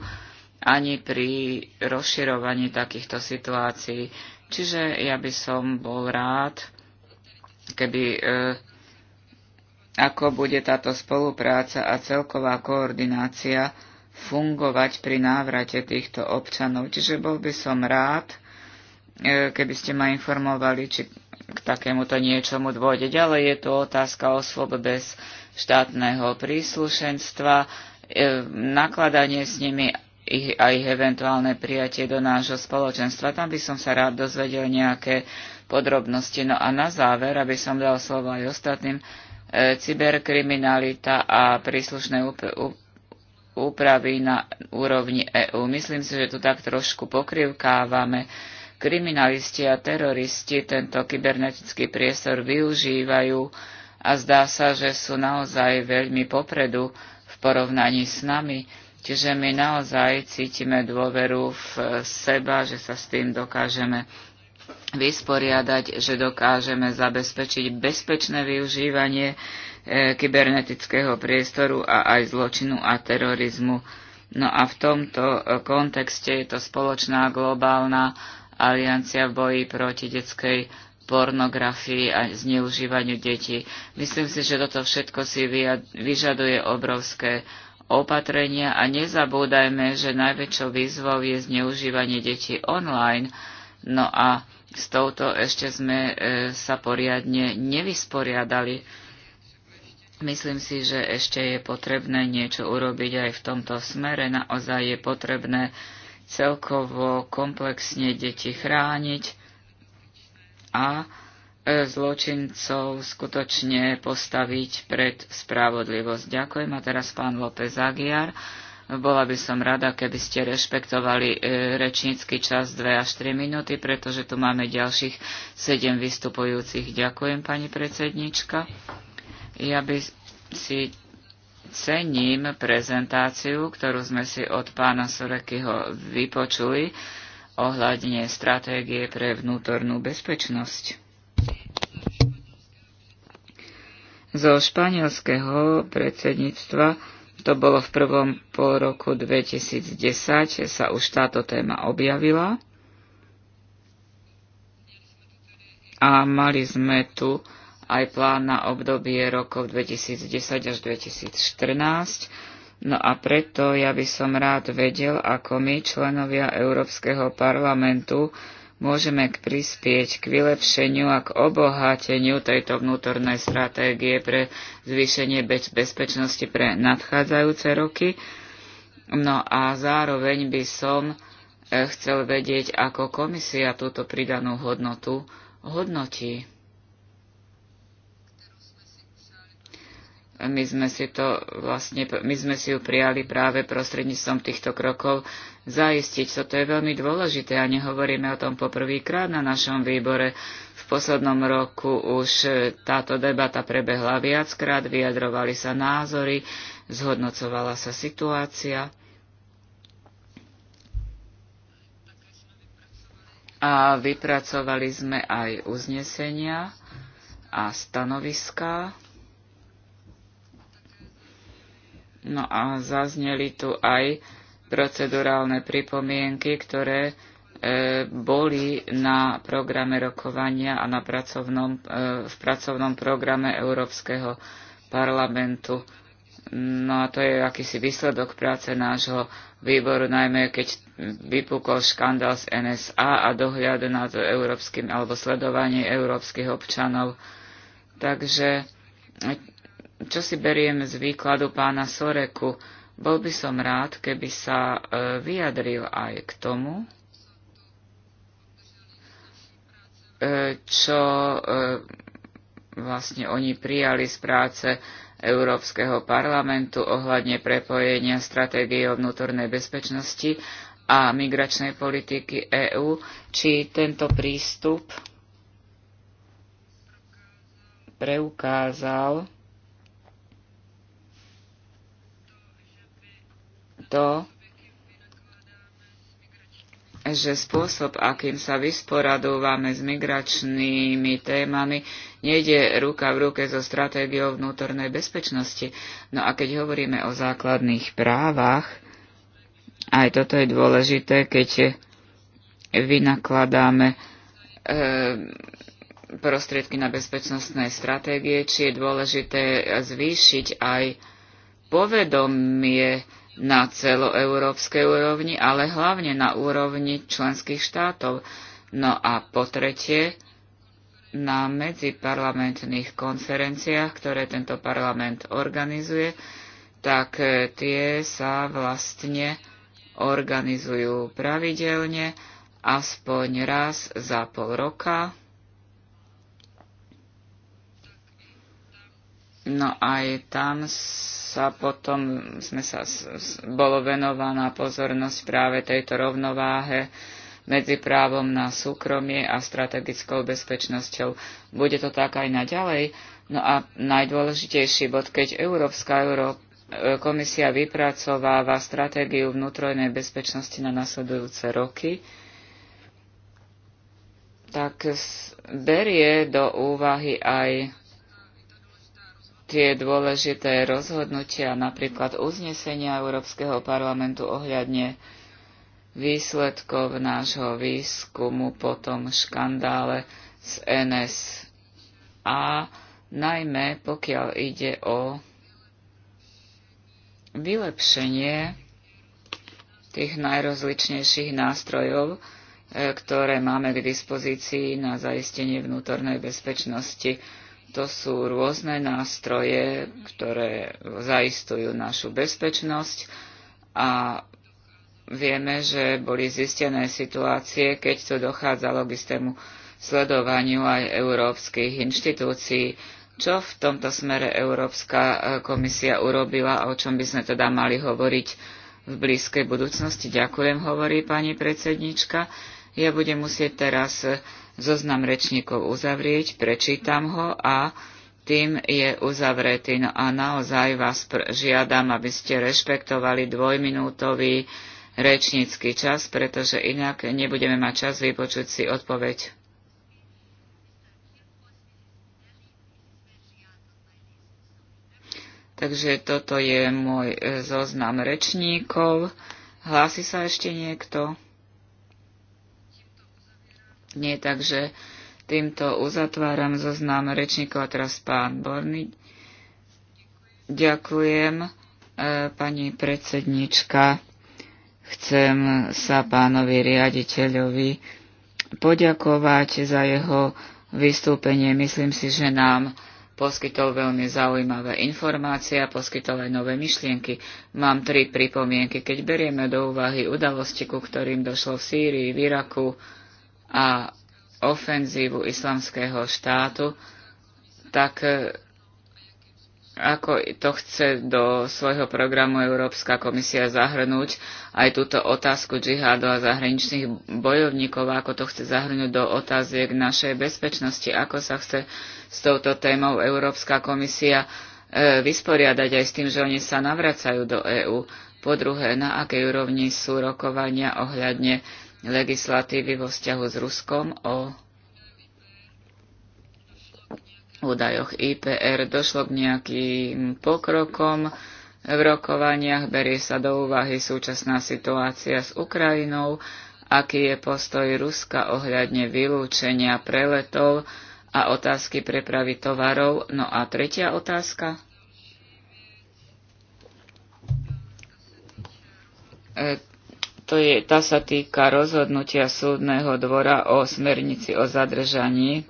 ani pri rozširovaní takýchto situácií. Čiže ja by som bol rád, keby e, ako bude táto spolupráca a celková koordinácia fungovať pri návrate týchto občanov. Čiže bol by som rád, e, keby ste ma informovali, či k takémuto niečomu dôjde. Ďalej je tu otázka osôb bez štátneho príslušenstva, e, nakladanie s nimi ich, a ich eventuálne prijatie do nášho spoločenstva. Tam by som sa rád dozvedel nejaké podrobnosti. No a na záver, aby som dal slovo aj ostatným, e, cyberkriminalita a príslušné úpravy na úrovni EÚ. Myslím si, že tu tak trošku pokrivkávame kriminalisti a teroristi tento kybernetický priestor využívajú a zdá sa, že sú naozaj veľmi popredu v porovnaní s nami, čiže my naozaj cítime dôveru v seba, že sa s tým dokážeme vysporiadať, že dokážeme zabezpečiť bezpečné využívanie e, kybernetického priestoru a aj zločinu a terorizmu. No a v tomto e, kontexte je to spoločná globálna aliancia v boji proti detskej pornografii a zneužívaniu detí. Myslím si, že toto všetko si vyžaduje obrovské opatrenia a nezabúdajme, že najväčšou výzvou je zneužívanie detí online. No a s touto ešte sme e, sa poriadne nevysporiadali. Myslím si, že ešte je potrebné niečo urobiť aj v tomto smere. Naozaj je potrebné celkovo komplexne deti chrániť a e, zločincov skutočne postaviť pred spravodlivosť. Ďakujem a teraz pán López Agiar. Bola by som rada, keby ste rešpektovali e, rečnícky čas 2 až 3 minúty, pretože tu máme ďalších 7 vystupujúcich. Ďakujem, pani predsednička. Ja by si cením prezentáciu, ktorú sme si od pána Sorekyho vypočuli ohľadne stratégie pre vnútornú bezpečnosť. Zo španielského predsedníctva to bolo v prvom pol roku 2010, sa už táto téma objavila. A mali sme tu aj plán na obdobie rokov 2010 až 2014. No a preto ja by som rád vedel, ako my, členovia Európskeho parlamentu, môžeme prispieť k vylepšeniu a k obohateniu tejto vnútornej stratégie pre zvýšenie bezpečnosti pre nadchádzajúce roky. No a zároveň by som e, chcel vedieť, ako komisia túto pridanú hodnotu hodnotí. my sme si to vlastne, my sme si ju prijali práve prostredníctvom týchto krokov zaistiť. Toto je veľmi dôležité a nehovoríme o tom poprvýkrát na našom výbore. V poslednom roku už táto debata prebehla viackrát, vyjadrovali sa názory, zhodnocovala sa situácia. A vypracovali sme aj uznesenia a stanoviská. No a zazneli tu aj procedurálne pripomienky, ktoré e, boli na programe rokovania a na pracovnom, e, v pracovnom programe Európskeho parlamentu. No a to je akýsi výsledok práce nášho výboru, najmä keď vypukol škandál z NSA a dohľad nad európskym alebo sledovanie európskych občanov. Takže čo si berieme z výkladu pána Soreku? Bol by som rád, keby sa e, vyjadril aj k tomu, e, čo e, vlastne oni prijali z práce Európskeho parlamentu ohľadne prepojenia stratégie o vnútornej bezpečnosti a migračnej politiky EÚ, či tento prístup preukázal, to, že spôsob, akým sa vysporadúvame s migračnými témami, nejde ruka v ruke so stratégiou vnútornej bezpečnosti. No a keď hovoríme o základných právach, aj toto je dôležité, keď vynakladáme e, prostriedky na bezpečnostné stratégie, či je dôležité zvýšiť aj povedomie, na celoeurópskej úrovni, ale hlavne na úrovni členských štátov. No a po tretie, na medziparlamentných konferenciách, ktoré tento parlament organizuje, tak e, tie sa vlastne organizujú pravidelne, aspoň raz za pol roka. No aj tam sa potom sme sa, bolo venovaná pozornosť práve tejto rovnováhe medzi právom na súkromie a strategickou bezpečnosťou. Bude to tak aj naďalej? No a najdôležitejší bod, keď Európska Euró- e, komisia vypracováva stratégiu vnútrojnej bezpečnosti na nasledujúce roky, tak berie do úvahy aj tie dôležité rozhodnutia, napríklad uznesenia Európskeho parlamentu ohľadne výsledkov nášho výskumu po tom škandále z NSA, najmä pokiaľ ide o vylepšenie tých najrozličnejších nástrojov, e, ktoré máme k dispozícii na zaistenie vnútornej bezpečnosti. To sú rôzne nástroje, ktoré zaistujú našu bezpečnosť a vieme, že boli zistené situácie, keď to dochádzalo k istému sledovaniu aj európskych inštitúcií. Čo v tomto smere Európska e, komisia urobila a o čom by sme teda mali hovoriť v blízkej budúcnosti? Ďakujem, hovorí pani predsednička. Ja budem musieť teraz e, zoznam rečníkov uzavrieť, prečítam ho a tým je uzavretý. No a naozaj vás žiadam, aby ste rešpektovali dvojminútový rečnícky čas, pretože inak nebudeme mať čas vypočuť si odpoveď. Takže toto je môj e, zoznam rečníkov. Hlási sa ešte niekto? Nie, takže týmto uzatváram zoznam rečníkov a teraz pán Borny. Ďakujem, e, pani predsednička. Chcem sa pánovi riaditeľovi poďakovať za jeho vystúpenie. Myslím si, že nám poskytol veľmi zaujímavé informácie a poskytol aj nové myšlienky. Mám tri pripomienky. Keď berieme do úvahy udalosti, ku ktorým došlo v Sýrii, v Iraku, a ofenzívu islamského štátu, tak e, ako to chce do svojho programu Európska komisia zahrnúť aj túto otázku džihádu a zahraničných bojovníkov, ako to chce zahrnúť do otáziek našej bezpečnosti, ako sa chce s touto témou Európska komisia e, vysporiadať aj s tým, že oni sa navracajú do EÚ. Po druhé, na akej úrovni sú rokovania ohľadne legislatívy vo vzťahu s Ruskom o údajoch IPR. Došlo k nejakým pokrokom v rokovaniach, berie sa do úvahy súčasná situácia s Ukrajinou, aký je postoj Ruska ohľadne vylúčenia preletov a otázky prepravy tovarov. No a tretia otázka. E, to je, tá sa týka rozhodnutia súdneho dvora o smernici o zadržaní,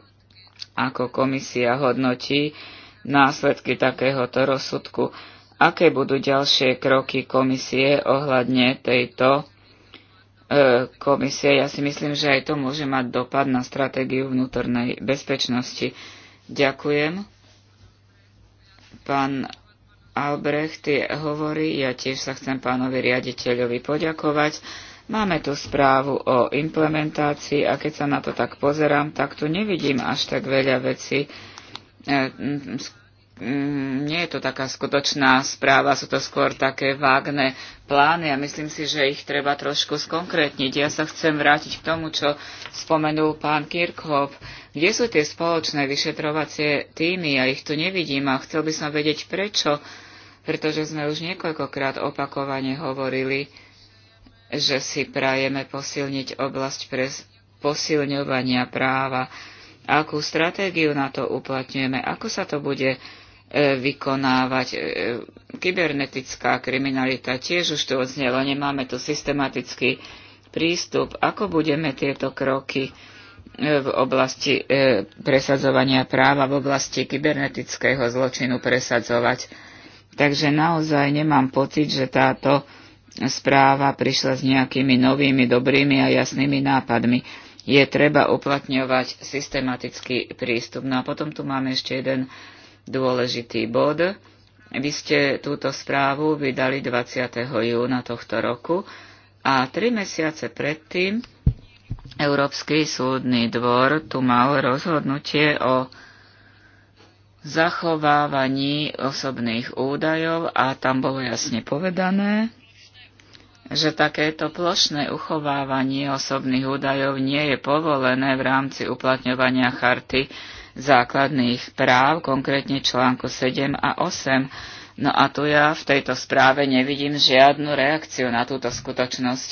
ako komisia hodnotí následky takéhoto rozsudku. Aké budú ďalšie kroky komisie ohľadne tejto e, komisie? Ja si myslím, že aj to môže mať dopad na stratégiu vnútornej bezpečnosti. Ďakujem. Pán Albrecht hovorí, ja tiež sa chcem pánovi riaditeľovi poďakovať. Máme tu správu o implementácii a keď sa na to tak pozerám, tak tu nevidím až tak veľa vecí, eh, Mm, nie je to taká skutočná správa, sú to skôr také vágne plány a myslím si, že ich treba trošku skonkrétniť. Ja sa chcem vrátiť k tomu, čo spomenul pán Kirchhoff. Kde sú tie spoločné vyšetrovacie týmy? Ja ich tu nevidím a chcel by som vedieť prečo, pretože sme už niekoľkokrát opakovane hovorili, že si prajeme posilniť oblasť pre posilňovania práva akú stratégiu na to uplatňujeme, ako sa to bude E, vykonávať. E, kybernetická kriminalita tiež už tu odznelo, nemáme tu systematický prístup. Ako budeme tieto kroky e, v oblasti presadzovania práva, v oblasti kybernetického zločinu presadzovať? Takže naozaj nemám pocit, že táto správa prišla s nejakými novými, dobrými a jasnými nápadmi. Je treba uplatňovať systematický prístup. No a potom tu máme ešte jeden dôležitý bod. Vy ste túto správu vydali 20. júna tohto roku a tri mesiace predtým Európsky súdny dvor tu mal rozhodnutie o zachovávaní osobných údajov a tam bolo jasne povedané, že takéto plošné uchovávanie osobných údajov nie je povolené v rámci uplatňovania charty základných práv, konkrétne článku 7 a 8. No a tu ja v tejto správe nevidím žiadnu reakciu na túto skutočnosť.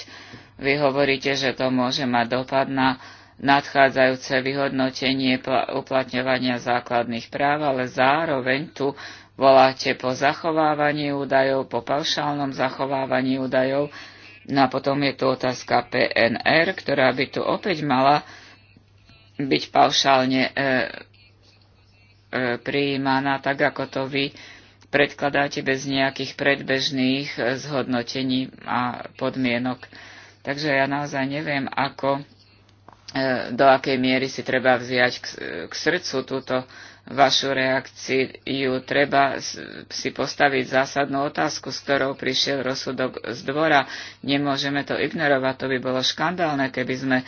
Vy hovoríte, že to môže mať dopad na nadchádzajúce vyhodnotenie uplatňovania základných práv, ale zároveň tu voláte po zachovávaní údajov, po paušálnom zachovávaní údajov. No a potom je tu otázka PNR, ktorá by tu opäť mala byť paušálne e, E, prijímaná tak, ako to vy predkladáte bez nejakých predbežných e, zhodnotení a podmienok. Takže ja naozaj neviem, ako, e, do akej miery si treba vziať k, k srdcu túto vašu reakciu. Treba si postaviť zásadnú otázku, s ktorou prišiel rozsudok z dvora. Nemôžeme to ignorovať, to by bolo škandálne, keby sme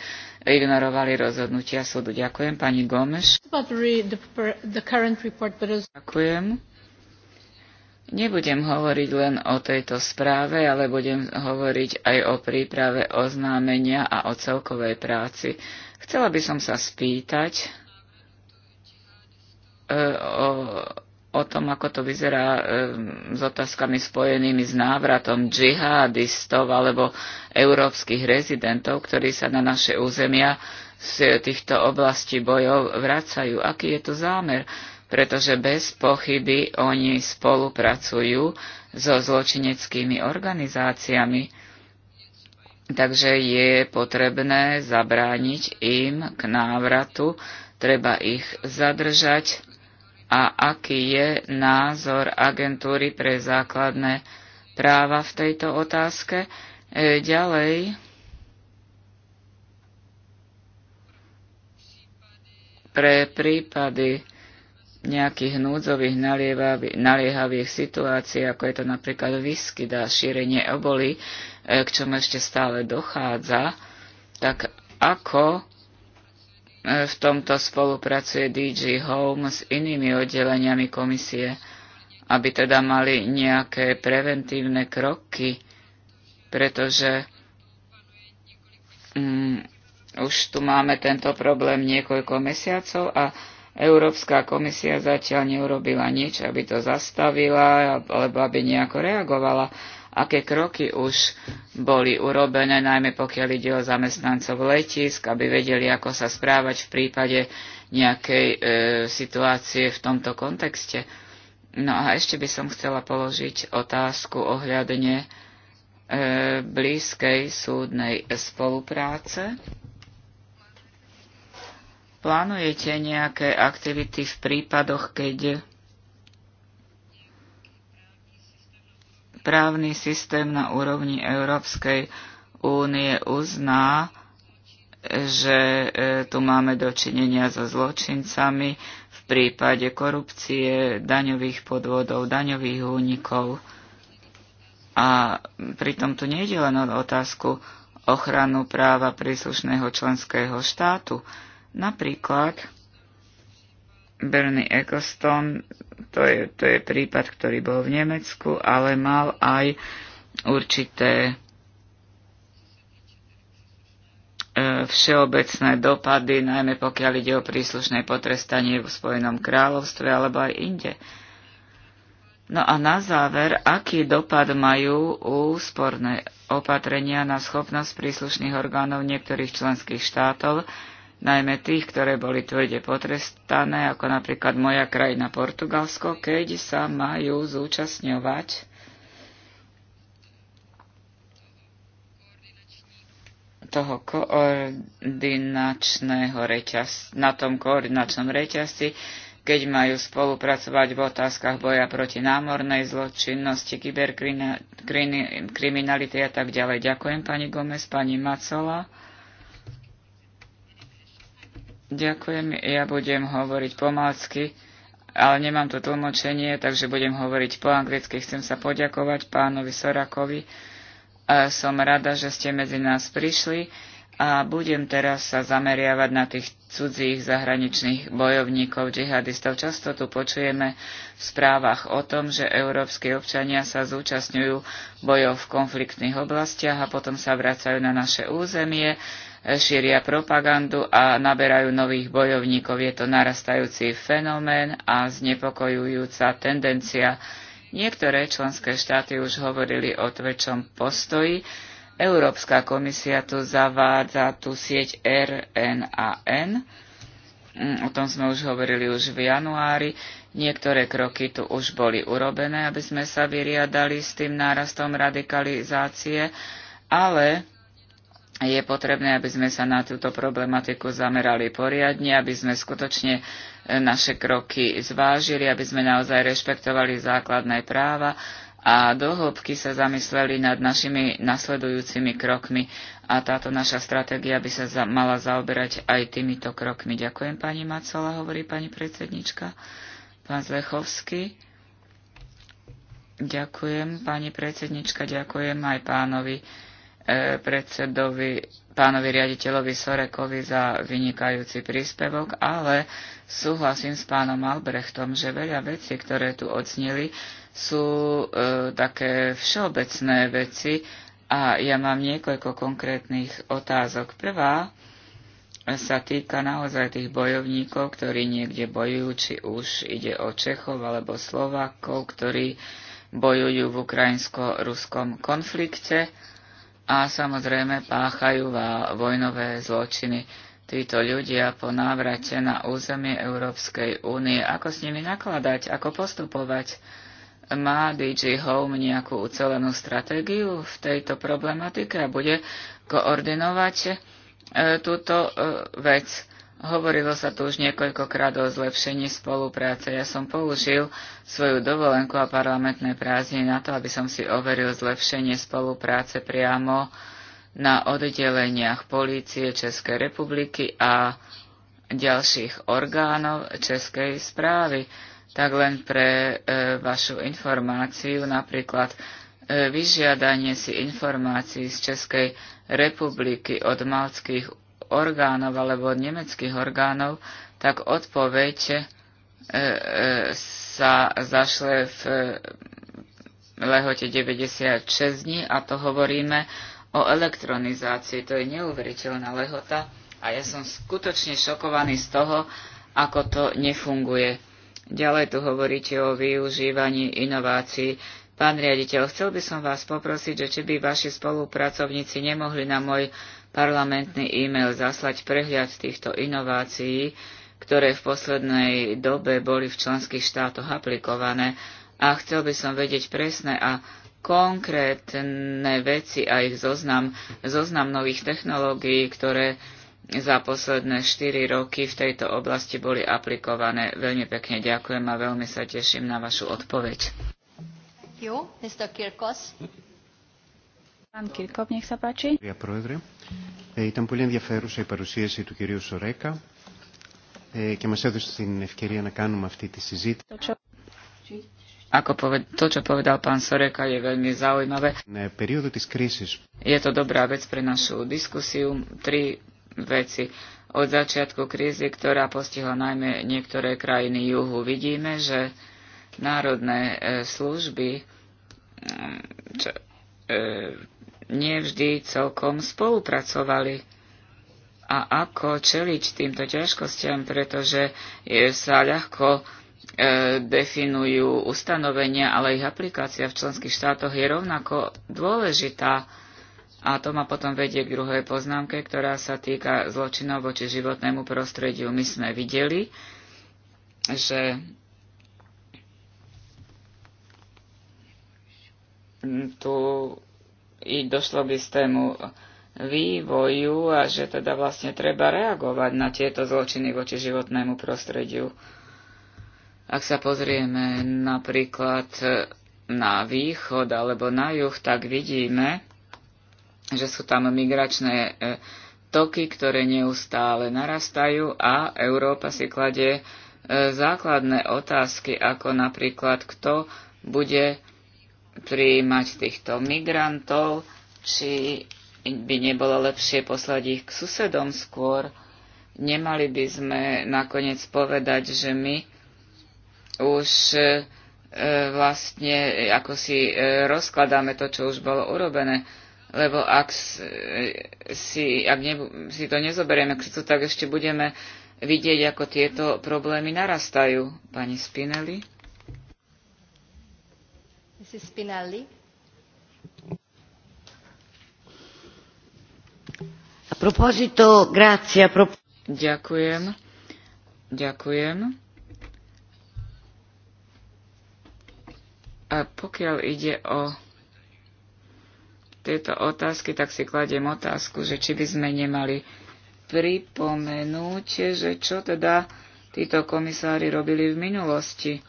ignorovali rozhodnutia súdu. Ďakujem, pani Gomeš. Ďakujem. Nebudem hovoriť len o tejto správe, ale budem hovoriť aj o príprave oznámenia a o celkovej práci. Chcela by som sa spýtať e, o o tom, ako to vyzerá e, s otázkami spojenými s návratom džihadistov alebo európskych rezidentov, ktorí sa na naše územia z týchto oblastí bojov vracajú. Aký je to zámer? Pretože bez pochyby oni spolupracujú so zločineckými organizáciami. Takže je potrebné zabrániť im k návratu, treba ich zadržať a aký je názor agentúry pre základné práva v tejto otázke. E, ďalej pre prípady nejakých núdzových naliehavých situácií, ako je to napríklad výskyt a šírenie eboli, e, k čomu ešte stále dochádza, tak ako v tomto spolupracuje DG Home s inými oddeleniami komisie, aby teda mali nejaké preventívne kroky, pretože um, už tu máme tento problém niekoľko mesiacov a Európska komisia zatiaľ neurobila nič, aby to zastavila alebo aby nejako reagovala aké kroky už boli urobené, najmä pokiaľ ide o zamestnancov letisk, aby vedeli, ako sa správať v prípade nejakej e, situácie v tomto kontexte. No a ešte by som chcela položiť otázku ohľadne e, blízkej súdnej spolupráce. Plánujete nejaké aktivity v prípadoch, keď právny systém na úrovni Európskej únie uzná, že e, tu máme dočinenia so zločincami v prípade korupcie, daňových podvodov, daňových únikov. A pritom tu nejde len o otázku ochranu práva príslušného členského štátu. Napríklad Bernie Eccleston, to je, to je prípad, ktorý bol v Nemecku, ale mal aj určité e, všeobecné dopady, najmä pokiaľ ide o príslušné potrestanie v Spojenom kráľovstve alebo aj inde. No a na záver, aký dopad majú úsporné opatrenia na schopnosť príslušných orgánov niektorých členských štátov najmä tých, ktoré boli tvrde potrestané, ako napríklad moja krajina Portugalsko, keď sa majú zúčastňovať toho koordinačného reťaz, na tom koordinačnom reťazci, keď majú spolupracovať v otázkach boja proti námornej zločinnosti, kyberkriminality a tak ďalej. Ďakujem pani Gomez, pani Macola. Ďakujem, ja budem hovoriť pomalsky, ale nemám to tlmočenie, takže budem hovoriť po anglicky. Chcem sa poďakovať pánovi Sorakovi. Som rada, že ste medzi nás prišli a budem teraz sa zameriavať na tých cudzích zahraničných bojovníkov, džihadistov. Často tu počujeme v správach o tom, že európsky občania sa zúčastňujú bojov v konfliktných oblastiach a potom sa vracajú na naše územie šíria propagandu a naberajú nových bojovníkov. Je to narastajúci fenomén a znepokojujúca tendencia. Niektoré členské štáty už hovorili o tvrdšom postoji. Európska komisia tu zavádza tú sieť RNAN. Mm, o tom sme už hovorili už v januári. Niektoré kroky tu už boli urobené, aby sme sa vyriadali s tým nárastom radikalizácie, ale je potrebné, aby sme sa na túto problematiku zamerali poriadne, aby sme skutočne e, naše kroky zvážili, aby sme naozaj rešpektovali základné práva a dohlbky sa zamysleli nad našimi nasledujúcimi krokmi. A táto naša stratégia by sa za, mala zaoberať aj týmito krokmi. Ďakujem pani Macola, hovorí pani predsednička. Pán Zlechovský. Ďakujem pani predsednička, ďakujem aj pánovi E, predsedovi, pánovi riaditeľovi Sorekovi za vynikajúci príspevok, ale súhlasím s pánom Albrechtom, že veľa vecí, ktoré tu odsnili, sú e, také všeobecné veci a ja mám niekoľko konkrétnych otázok. Prvá sa týka naozaj tých bojovníkov, ktorí niekde bojujú, či už ide o Čechov alebo Slovákov, ktorí bojujú v ukrajinsko-ruskom konflikte a samozrejme páchajú vojnové zločiny. Títo ľudia po návrate na územie Európskej únie, ako s nimi nakladať, ako postupovať, má DG Home nejakú ucelenú stratégiu v tejto problematike a bude koordinovať e, túto e, vec. Hovorilo sa tu už niekoľkokrát o zlepšení spolupráce. Ja som použil svoju dovolenku a parlamentné prázdniny na to, aby som si overil zlepšenie spolupráce priamo na oddeleniach polície Českej republiky a ďalších orgánov Českej správy. Tak len pre e, vašu informáciu, napríklad e, vyžiadanie si informácií z Českej republiky od malckých orgánov alebo od nemeckých orgánov, tak odpoveď e, e, sa zašle v e, lehote 96 dní a to hovoríme o elektronizácii. To je neuveriteľná lehota a ja som skutočne šokovaný z toho, ako to nefunguje. Ďalej tu hovoríte o využívaní inovácií. Pán riaditeľ, chcel by som vás poprosiť, že či by vaši spolupracovníci nemohli na môj parlamentný e-mail zaslať prehľad týchto inovácií, ktoré v poslednej dobe boli v členských štátoch aplikované a chcel by som vedieť presné a konkrétne veci a ich zoznam, zoznam nových technológií, ktoré za posledné 4 roky v tejto oblasti boli aplikované. Veľmi pekne ďakujem a veľmi sa teším na vašu odpoveď. You, Mr. Kirkos. Pán Kirkov, nech sa páči. Ja, prvedre. proedre. Ήταν πολύ ενδιαφέρουσα η παρουσίαση του κυρίου Σορέκα ε, και μας έδωσε την ευκαιρία να κάνουμε αυτή τη συζήτηση. Ako poved, to, čo povedal pán Soreka, je veľmi zaujímavé. Je to dobrá vec pre našu diskusiu. Tri veci. Od začiatku krízy, ktorá postihla najmä niektoré krajiny juhu, vidíme, že národné e, služby čo, e, nevždy celkom spolupracovali. A ako čeliť týmto ťažkostiam, pretože sa ľahko e, definujú ustanovenia, ale ich aplikácia v členských štátoch je rovnako dôležitá. A to ma potom vedie k druhej poznámke, ktorá sa týka zločinov voči životnému prostrediu. My sme videli, že tu i došlo k istému vývoju a že teda vlastne treba reagovať na tieto zločiny voči životnému prostrediu. Ak sa pozrieme napríklad na východ alebo na juh, tak vidíme, že sú tam migračné e, toky, ktoré neustále narastajú a Európa si kladie e, základné otázky, ako napríklad kto bude prijímať týchto migrantov, či by nebolo lepšie poslať ich k susedom skôr. Nemali by sme nakoniec povedať, že my už e, vlastne ako si e, rozkladáme to, čo už bolo urobené, lebo ak e, si, ak ne, si to nezoberieme k srdcu, tak ešte budeme vidieť, ako tieto problémy narastajú. Pani Spinelli? Mrs. Spinelli. A proposito, grazie. A prop... Ďakujem. Ďakujem. A pokiaľ ide o tieto otázky, tak si kladiem otázku, že či by sme nemali pripomenúť, že čo teda títo komisári robili v minulosti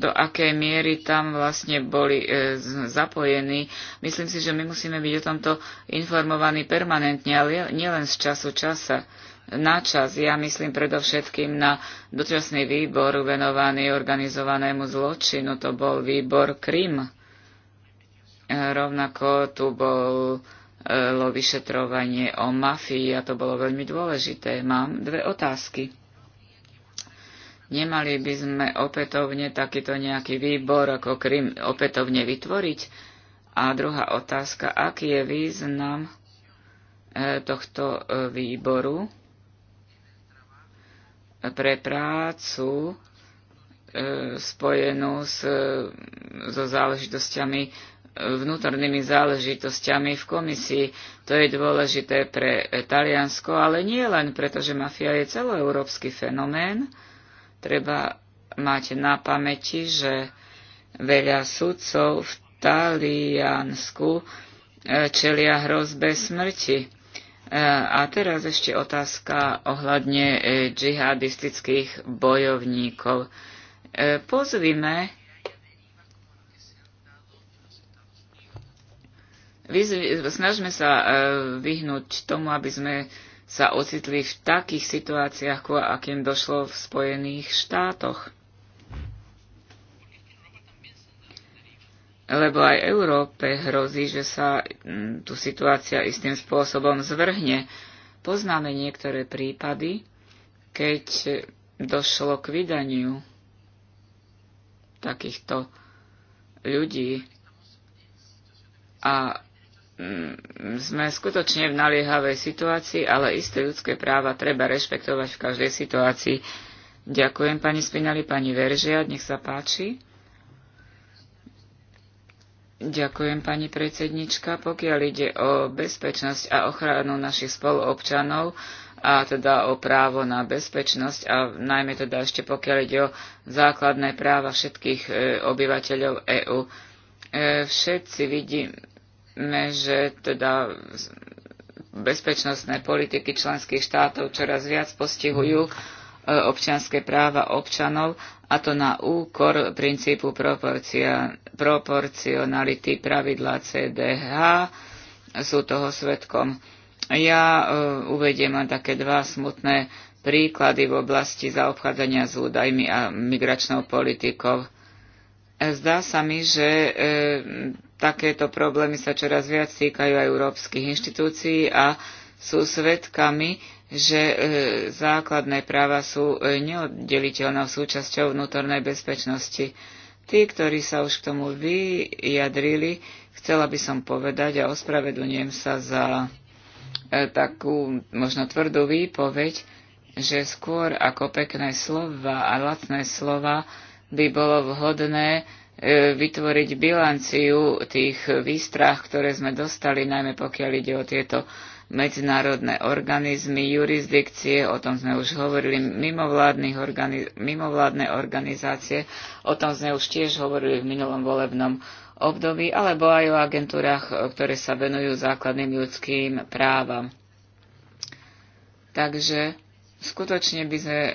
do akej miery tam vlastne boli e, zapojení. Myslím si, že my musíme byť o tomto informovaní permanentne, ale nielen z času časa na čas. Ja myslím predovšetkým na dočasný výbor venovaný organizovanému zločinu. To bol výbor Krym. E, rovnako tu bol e, vyšetrovanie o mafii a to bolo veľmi dôležité. Mám dve otázky Nemali by sme opätovne takýto nejaký výbor ako Krym opätovne vytvoriť? A druhá otázka, aký je význam e, tohto e, výboru pre prácu e, spojenú s, so záležitosťami, vnútornými záležitosťami v komisii. To je dôležité pre Taliansko, ale nie len preto, že mafia je celoeurópsky fenomén, Treba mať na pamäti, že veľa sudcov v Taliansku e, čelia hrozbe smrti. E, a teraz ešte otázka ohľadne e, džihadistických bojovníkov. Pozvime Snažme sa vyhnúť tomu, aby sme sa ocitli v takých situáciách, ako akým došlo v Spojených štátoch. Lebo aj Európe hrozí, že sa mm, tu situácia istým spôsobom zvrhne. Poznáme niektoré prípady, keď došlo k vydaniu takýchto ľudí a Mm, sme skutočne v naliehavej situácii, ale isté ľudské práva treba rešpektovať v každej situácii. Ďakujem pani Spinali, pani Veržia, nech sa páči. Ďakujem, pani predsednička. Pokiaľ ide o bezpečnosť a ochranu našich spoluobčanov, a teda o právo na bezpečnosť a najmä teda ešte pokiaľ ide o základné práva všetkých e, obyvateľov EÚ. E, všetci vidíme, že teda bezpečnostné politiky členských štátov čoraz viac postihujú mhm. e, občianské práva občanov, a to na úkor princípu proporcionality pravidla CDH. Sú toho svetkom. Ja e, uvediem len také dva smutné príklady v oblasti zaobchádzania s údajmi a migračnou politikou. E, zdá sa mi, že Takéto problémy sa čoraz viac týkajú aj európskych inštitúcií a sú svedkami, že e, základné práva sú e, neoddeliteľnou súčasťou vnútornej bezpečnosti. Tí, ktorí sa už k tomu vyjadrili, chcela by som povedať a ospravedlňujem sa za e, takú možno tvrdú výpoveď, že skôr ako pekné slova a lacné slova by bolo vhodné E, vytvoriť bilanciu tých výstrah, ktoré sme dostali, najmä pokiaľ ide o tieto medzinárodné organizmy, jurisdikcie, o tom sme už hovorili, organiz, mimovládne organizácie, o tom sme už tiež hovorili v minulom volebnom období, alebo aj o agentúrach, ktoré sa venujú základným ľudským právam. Takže skutočne by sme e,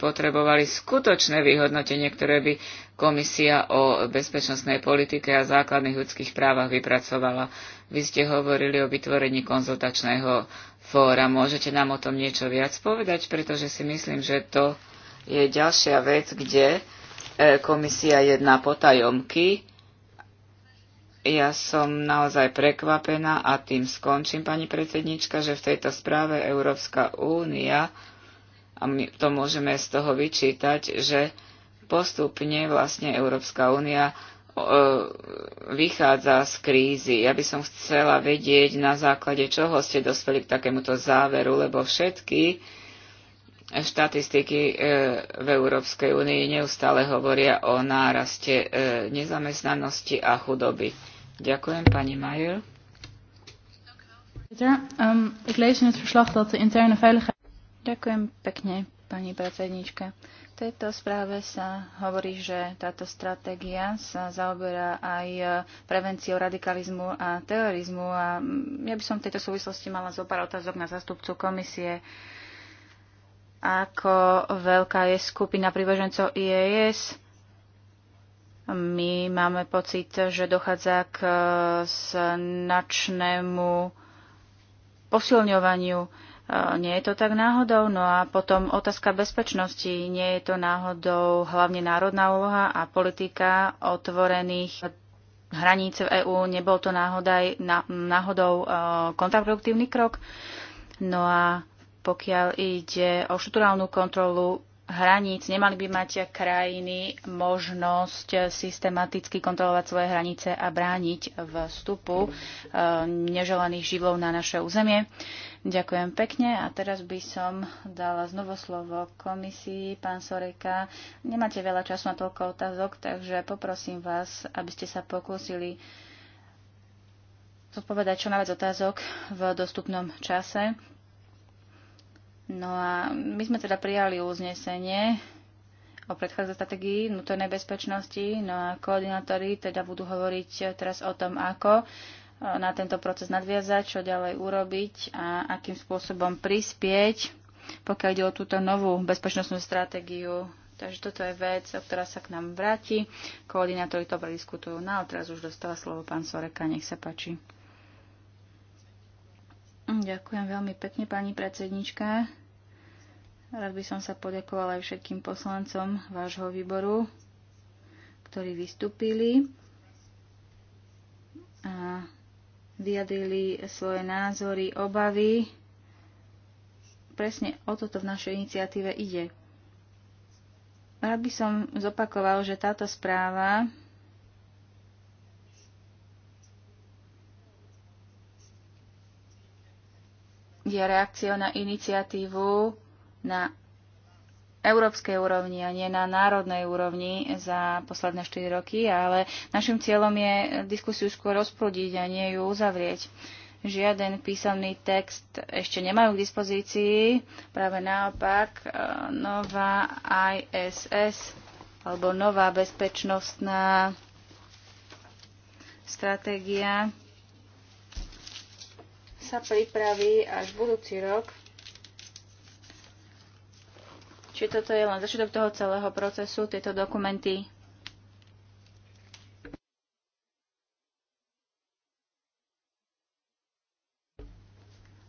potrebovali skutočné vyhodnotenie, ktoré by komisia o bezpečnostnej politike a základných ľudských právach vypracovala. Vy ste hovorili o vytvorení konzultačného fóra. Môžete nám o tom niečo viac povedať, pretože si myslím, že to je ďalšia vec, kde e, komisia jedná potajomky. Ja som naozaj prekvapená a tým skončím, pani predsednička, že v tejto správe Európska únia, a my to môžeme z toho vyčítať, že postupne vlastne Európska únia e, vychádza z krízy. Ja by som chcela vedieť, na základe čoho ste dospeli k takémuto záveru, lebo všetky štatistiky e, v Európskej únii neustále hovoria o náraste e, nezamestnanosti a chudoby. Ďakujem, pani Majer. Um, Ďakujem pekne, pani predsednička tejto správe sa hovorí, že táto stratégia sa zaoberá aj e, prevenciou radikalizmu a terorizmu a ja by som v tejto súvislosti mala zo pár otázok na zastupcu komisie. Ako veľká je skupina príbežencov IES? My máme pocit, že dochádza k e, značnému posilňovaniu nie je to tak náhodou. No a potom otázka bezpečnosti. Nie je to náhodou hlavne národná úloha a politika otvorených hraníc v EÚ. Nebol to náhodaj, náhodou e, kontraproduktívny krok. No a pokiaľ ide o štruktúrálnu kontrolu hraníc, nemali by mať krajiny možnosť systematicky kontrolovať svoje hranice a brániť vstupu eh, neželaných živlov na naše územie. Ďakujem pekne a teraz by som dala znovu slovo komisii. Pán Soreka, nemáte veľa času na toľko otázok, takže poprosím vás, aby ste sa pokúsili zodpovedať čo najviac otázok v dostupnom čase No a my sme teda prijali uznesenie o predchádzajúcej strategii vnútornej bezpečnosti, no a koordinátori teda budú hovoriť teraz o tom, ako e, na tento proces nadviazať, čo ďalej urobiť a akým spôsobom prispieť, pokiaľ ide o túto novú bezpečnostnú stratégiu. Takže toto je vec, ktorá sa k nám vráti. Koordinátori to prediskutujú. No a teraz už dostáva slovo pán Soreka, nech sa páči. Ďakujem veľmi pekne, pani predsednička. Rád by som sa poďakovala aj všetkým poslancom vášho výboru, ktorí vystúpili a vyjadrili svoje názory, obavy. Presne o toto v našej iniciatíve ide. Rád by som zopakoval, že táto správa je reakciou na iniciatívu na európskej úrovni a nie na národnej úrovni za posledné 4 roky, ale našim cieľom je diskusiu skôr rozprúdiť a nie ju uzavrieť. Žiaden písomný text ešte nemajú k dispozícii, práve naopak e, nová ISS alebo nová bezpečnostná stratégia sa pripraví až budúci rok. Či toto je len začiatok toho celého procesu, tieto dokumenty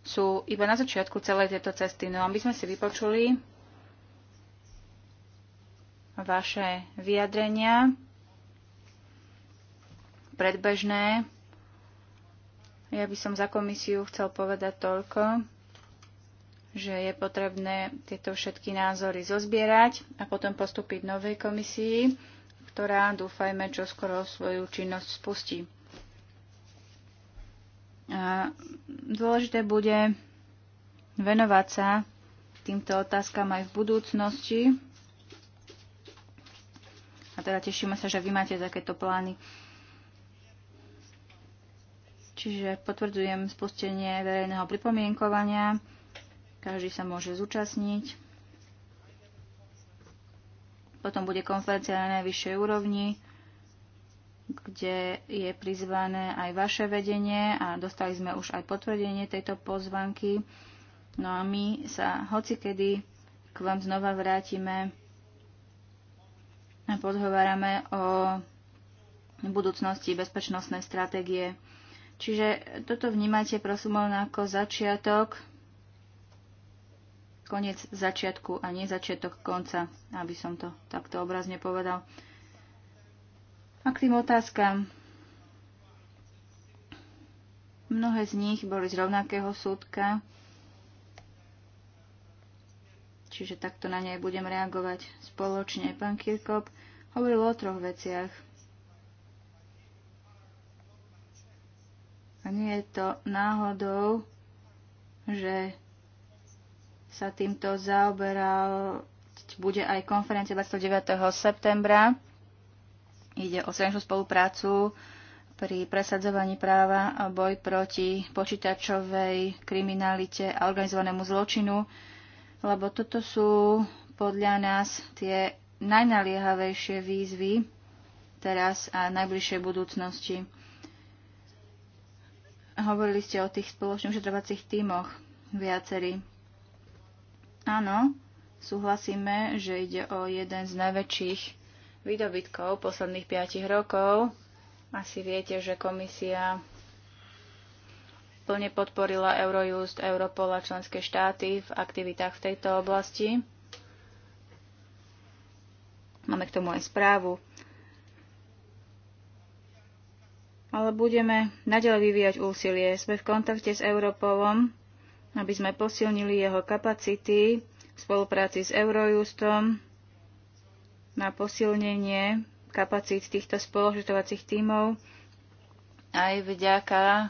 sú iba na začiatku celej tejto cesty. No a my sme si vypočuli vaše vyjadrenia predbežné ja by som za komisiu chcel povedať toľko, že je potrebné tieto všetky názory zozbierať a potom postúpiť novej komisii, ktorá dúfajme čo skoro svoju činnosť spustí. A dôležité bude venovať sa týmto otázkam aj v budúcnosti. A teda tešíme sa, že vy máte takéto plány. Čiže potvrdzujem spustenie verejného pripomienkovania. Každý sa môže zúčastniť. Potom bude konferencia na najvyššej úrovni, kde je prizvané aj vaše vedenie a dostali sme už aj potvrdenie tejto pozvanky. No a my sa hocikedy k vám znova vrátime a podhovárame o budúcnosti bezpečnostnej stratégie Čiže toto vnímajte prosím len ako začiatok, koniec začiatku a nie začiatok konca, aby som to takto obrazne povedal. A k tým otázkam. Mnohé z nich boli z rovnakého súdka, čiže takto na nej budem reagovať spoločne. Pán Kirkop hovoril o troch veciach. A nie je to náhodou, že sa týmto zaoberal, bude aj konferencia 29. septembra. Ide o zrenčnú spoluprácu pri presadzovaní práva a boj proti počítačovej kriminalite a organizovanému zločinu, lebo toto sú podľa nás tie najnaliehavejšie výzvy teraz a najbližšej budúcnosti. Hovorili ste o tých spoločných ušetrovacích tímoch viacerí. Áno, súhlasíme, že ide o jeden z najväčších výdobytkov posledných 5 rokov. Asi viete, že komisia plne podporila Eurojust, Europol a členské štáty v aktivitách v tejto oblasti. Máme k tomu aj správu ale budeme naďalej vyvíjať úsilie. Sme v kontakte s Europolom, aby sme posilnili jeho kapacity v spolupráci s Eurojustom na posilnenie kapacít týchto spoložitovacích tímov aj vďaka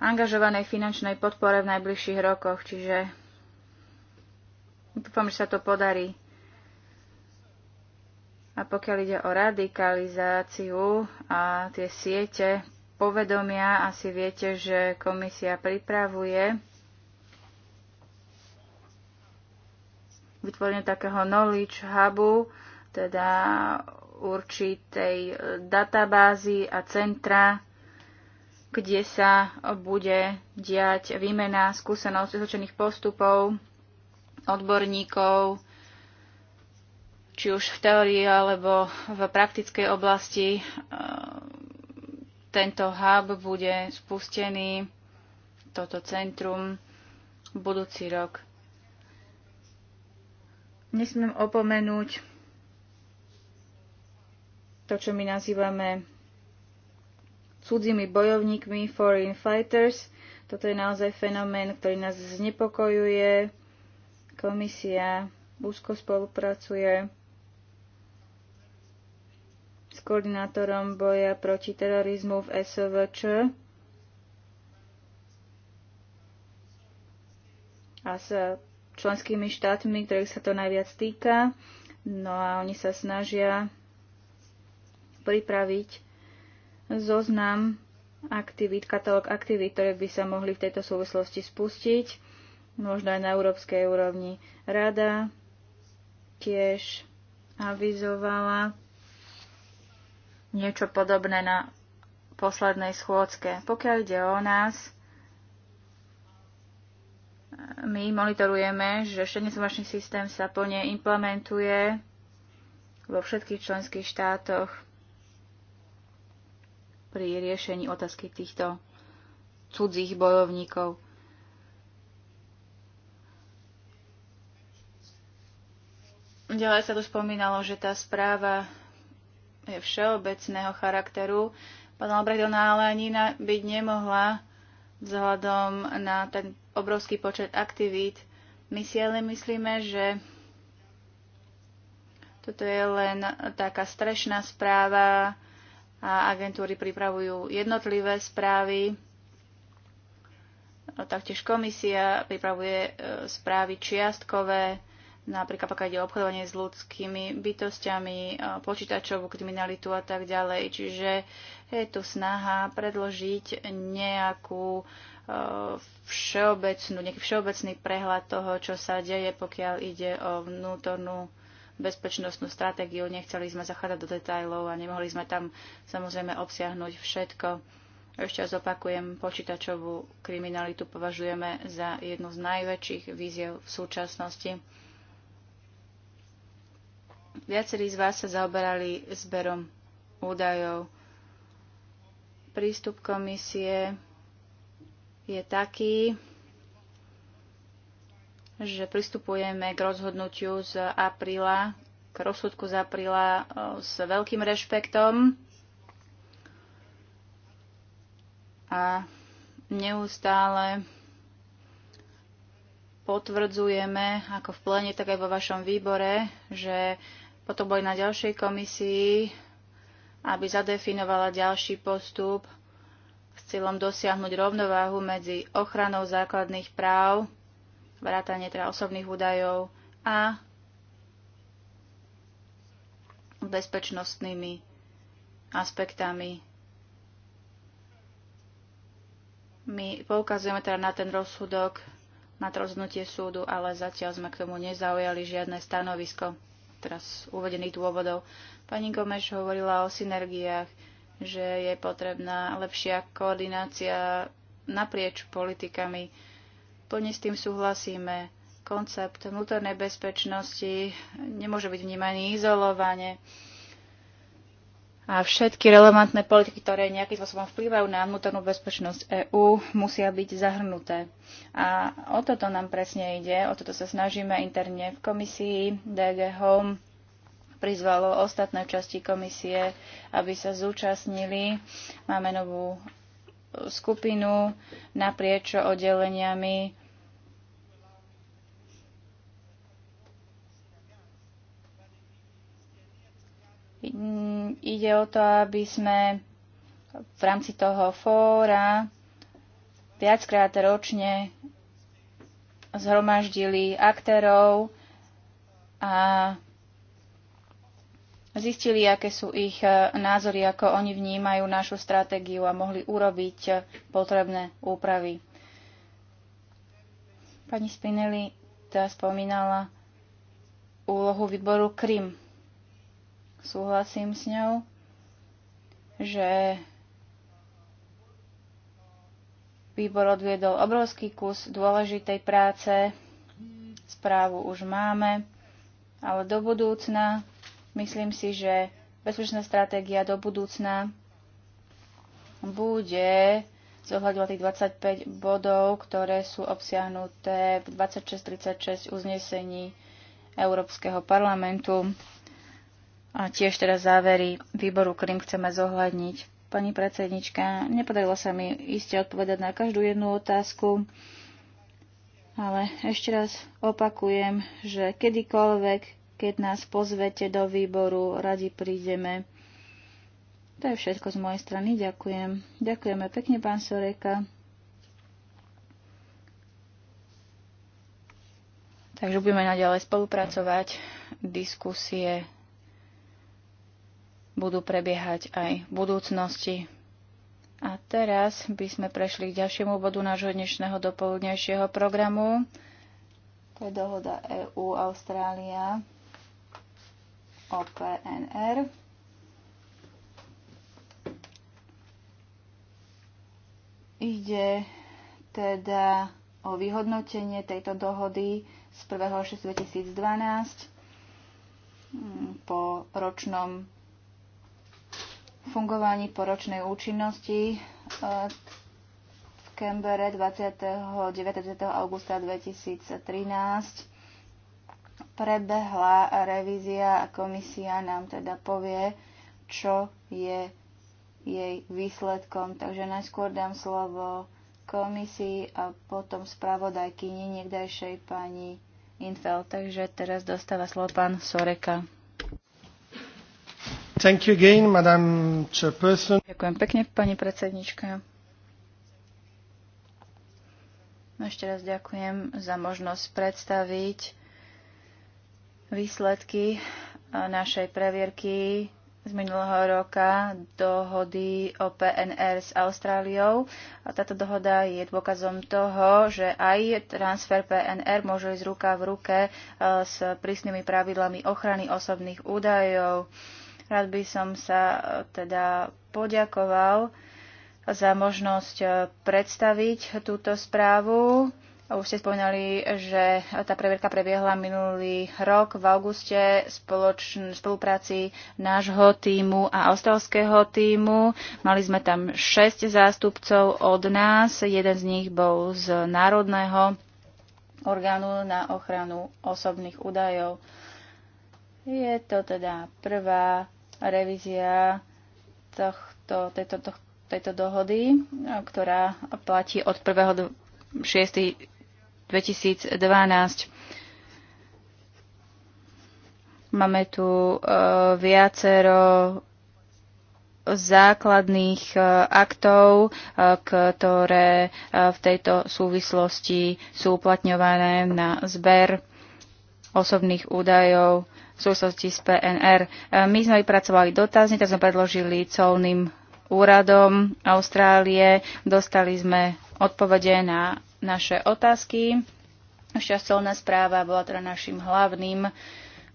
angažovanej finančnej podpore v najbližších rokoch. Čiže dúfam, že sa to podarí. A pokiaľ ide o radikalizáciu a tie siete povedomia, asi viete, že komisia pripravuje vytvorenie takého knowledge hubu, teda určitej databázy a centra, kde sa bude diať výmena skúseností, osvedčených postupov, odborníkov, či už v teórii alebo v praktickej oblasti. E, tento hub bude spustený, toto centrum, budúci rok. Nesmiem opomenúť to, čo my nazývame cudzími bojovníkmi, foreign fighters. Toto je naozaj fenomén, ktorý nás znepokojuje. Komisia úzko spolupracuje koordinátorom boja proti terorizmu v SVČ a s členskými štátmi, ktorých sa to najviac týka. No a oni sa snažia pripraviť zoznam aktivít, katalóg aktivít, ktoré by sa mohli v tejto súvislosti spustiť, možno aj na európskej úrovni. Rada tiež avizovala niečo podobné na poslednej schôdzke. Pokiaľ ide o nás, my monitorujeme, že štednesomačný systém sa plne implementuje vo všetkých členských štátoch pri riešení otázky týchto cudzích bojovníkov. Ďalej sa tu spomínalo, že tá správa všeobecného charakteru. Albrecht, ona ale ani byť nemohla vzhľadom na ten obrovský počet aktivít. My si ale myslíme, že toto je len taká strešná správa a agentúry pripravujú jednotlivé správy. Taktiež komisia pripravuje e, správy čiastkové, napríklad pokiaľ ide o obchodovanie s ľudskými bytostiami, e, počítačovú kriminalitu a tak ďalej. Čiže je tu snaha predložiť nejakú e, všeobecnú, nejaký všeobecný prehľad toho, čo sa deje, pokiaľ ide o vnútornú bezpečnostnú stratégiu. Nechceli sme zachádzať do detajlov a nemohli sme tam samozrejme obsiahnuť všetko. Ešte raz opakujem, počítačovú kriminalitu považujeme za jednu z najväčších víziev v súčasnosti. Viacerí z vás sa zaoberali zberom údajov. Prístup komisie je taký, že pristupujeme k rozhodnutiu z apríla, k rozsudku z apríla e, s veľkým rešpektom a neustále potvrdzujeme, ako v plene, tak aj vo vašom výbore, že potom boli na ďalšej komisii, aby zadefinovala ďalší postup s cieľom dosiahnuť rovnováhu medzi ochranou základných práv, vrátanie teda osobných údajov a bezpečnostnými aspektami. My poukazujeme teda na ten rozsudok, na rozhodnutie súdu, ale zatiaľ sme k tomu nezaujali žiadne stanovisko teraz uvedených dôvodov. Pani Gomeš hovorila o synergiách, že je potrebná lepšia koordinácia naprieč politikami. Plne s tým súhlasíme. Koncept vnútornej bezpečnosti nemôže byť vnímaný izolovane a všetky relevantné politiky, ktoré nejakým spôsobom vplývajú na vnútornú bezpečnosť EÚ, musia byť zahrnuté. A o toto nám presne ide, o toto sa snažíme interne v komisii DG Home prizvalo ostatné časti komisie, aby sa zúčastnili. Máme novú skupinu naprieč oddeleniami Mm, ide o to, aby sme v rámci toho fóra viackrát ročne zhromaždili aktérov a zistili, aké sú ich e, názory, ako oni vnímajú našu stratégiu a mohli urobiť e, potrebné úpravy. Pani Spinelli tá spomínala úlohu výboru Krym súhlasím s ňou, že výbor odviedol obrovský kus dôležitej práce, správu už máme, ale do budúcna myslím si, že bezpečná stratégia do budúcna bude zohľadila tých 25 bodov, ktoré sú obsiahnuté v 2636 uznesení Európskeho parlamentu. A tiež teda závery výboru Krym chceme zohľadniť. Pani predsednička, nepodarilo sa mi iste odpovedať na každú jednu otázku, ale ešte raz opakujem, že kedykoľvek, keď nás pozvete do výboru, radi prídeme. To je všetko z mojej strany. Ďakujem. Ďakujeme pekne, pán Soreka. Takže budeme naďalej spolupracovať. Diskusie budú prebiehať aj v budúcnosti. A teraz by sme prešli k ďalšiemu bodu nášho dnešného dopoludnejšieho programu. To je dohoda EU Austrália o PNR. Ide teda o vyhodnotenie tejto dohody z 1.6.2012 mm, po ročnom fungovaní poročnej účinnosti eh, v Kembere 29. 20. augusta 2013 prebehla revízia a komisia nám teda povie, čo je jej výsledkom. Takže najskôr dám slovo komisii a potom spravodajkyni niekdajšej pani Infel. Takže teraz dostáva slovo pán Soreka. Thank you again, Madam Chairperson. Ďakujem pekne, pani predsednička. No, ešte raz ďakujem za možnosť predstaviť výsledky eh, našej previerky z minulého roka dohody o PNR s Austráliou. A táto dohoda je dôkazom toho, že aj transfer PNR môže ísť ruka v ruke eh, s prísnymi pravidlami ochrany osobných údajov Rád by som sa e, teda poďakoval za možnosť e, predstaviť túto správu. Už ste spomínali, že tá preverka prebiehla minulý rok v auguste v spolupráci nášho týmu a australského týmu. Mali sme tam 6 zástupcov od nás, jeden z nich bol z Národného orgánu na ochranu osobných údajov. Je to teda prvá revízia tohto, tejto, tohto, tejto dohody, ktorá platí od 1.6.2012. Máme tu e, viacero základných e, aktov, e, ktoré v tejto súvislosti sú uplatňované na zber osobných údajov v súvislosti s PNR. E, my sme vypracovali dotazník, tak sme predložili colným úradom Austrálie. Dostali sme odpovede na naše otázky. Šťastolná správa bola teda našim hlavným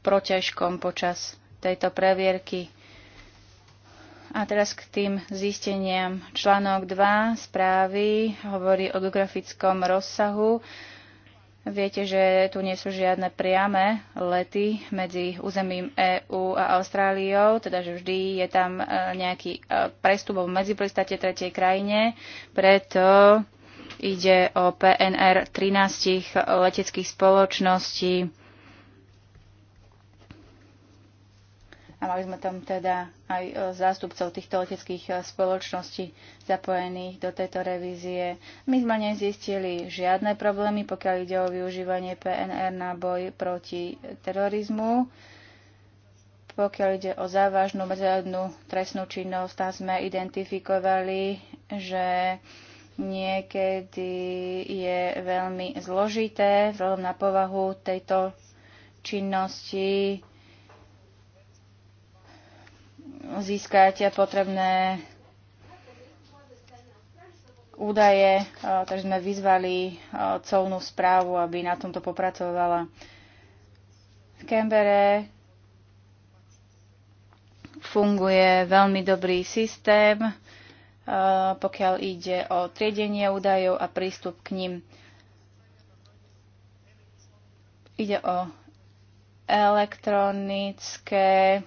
proťažkom počas tejto previerky. A teraz k tým zisteniam. Článok 2 správy hovorí o geografickom rozsahu Viete, že tu nie sú žiadne priame lety medzi územím EÚ a Austráliou, teda že vždy je tam e, nejaký e, prestup v medzipristate tretej krajine, preto ide o PNR 13 leteckých spoločností a mali sme tam teda aj e, zástupcov týchto leteckých e, spoločností zapojených do tejto revízie. My sme nezistili žiadne problémy, pokiaľ ide o využívanie PNR na boj proti e, terorizmu. Pokiaľ ide o závažnú medzinárodnú trestnú činnosť, tam sme identifikovali, že niekedy je veľmi zložité vzhľadom na povahu tejto činnosti získať potrebné údaje, e, takže sme vyzvali e, colnú správu, aby na tomto popracovala. V Kembere funguje veľmi dobrý systém, e, pokiaľ ide o triedenie údajov a prístup k ním. Ide o elektronické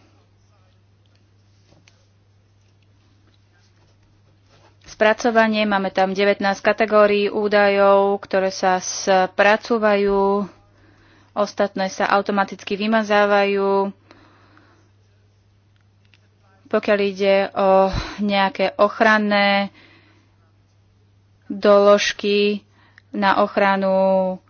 spracovanie. Máme tam 19 kategórií údajov, ktoré sa spracúvajú, ostatné sa automaticky vymazávajú. Pokiaľ ide o nejaké ochranné doložky na ochranu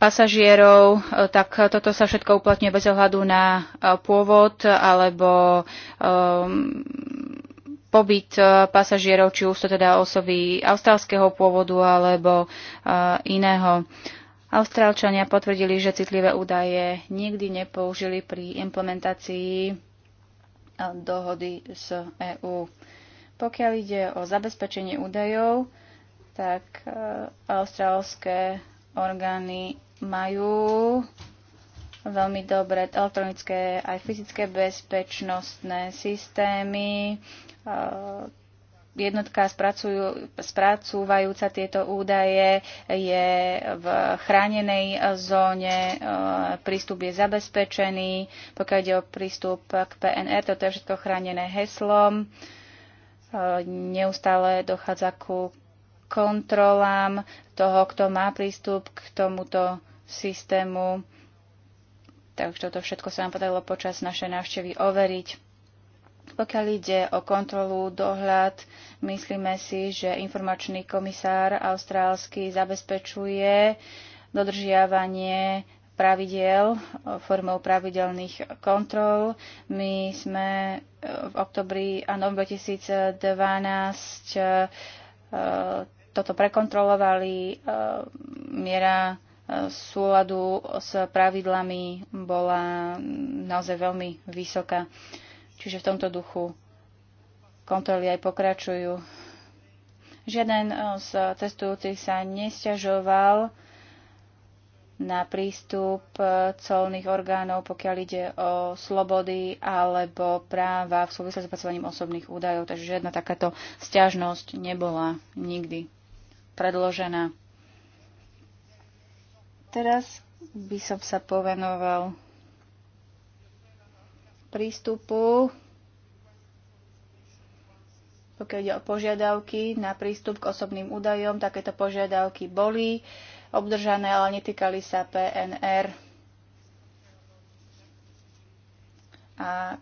pasažierov, tak toto sa všetko uplatňuje bez ohľadu na pôvod alebo um, pobyt e, pasažierov, či už to teda osoby austrálskeho pôvodu alebo e, iného. Austrálčania potvrdili, že citlivé údaje nikdy nepoužili pri implementácii e, dohody z EÚ. Pokiaľ ide o zabezpečenie údajov, tak austrálske orgány majú veľmi dobré, elektronické aj fyzické bezpečnostné systémy. E, jednotka spracujú, spracúvajúca tieto údaje je v chránenej zóne, e, prístup je zabezpečený, pokiaľ ide o prístup k PNR, toto je všetko chránené heslom, e, neustále dochádza ku kontrolám toho, kto má prístup k tomuto systému Takže toto všetko sa nám podarilo počas našej návštevy overiť. Pokiaľ ide o kontrolu, dohľad, myslíme si, že informačný komisár austrálsky zabezpečuje dodržiavanie pravidel formou pravidelných kontrol. My sme e, v oktobri a novembri 2012 e, e, toto prekontrolovali. Miera súladu s pravidlami bola naozaj veľmi vysoká. Čiže v tomto duchu kontroly aj pokračujú. Žiaden eh, z cestujúcich sa nesťažoval na prístup eh, colných orgánov, pokiaľ ide o slobody alebo práva v súvislosti s pracovaním osobných údajov. Takže žiadna takáto stiažnosť nebola nikdy predložená. Teraz by som sa povenoval prístupu, pokiaľ ide o požiadavky na prístup k osobným údajom, takéto požiadavky boli obdržané, ale netýkali sa PNR. A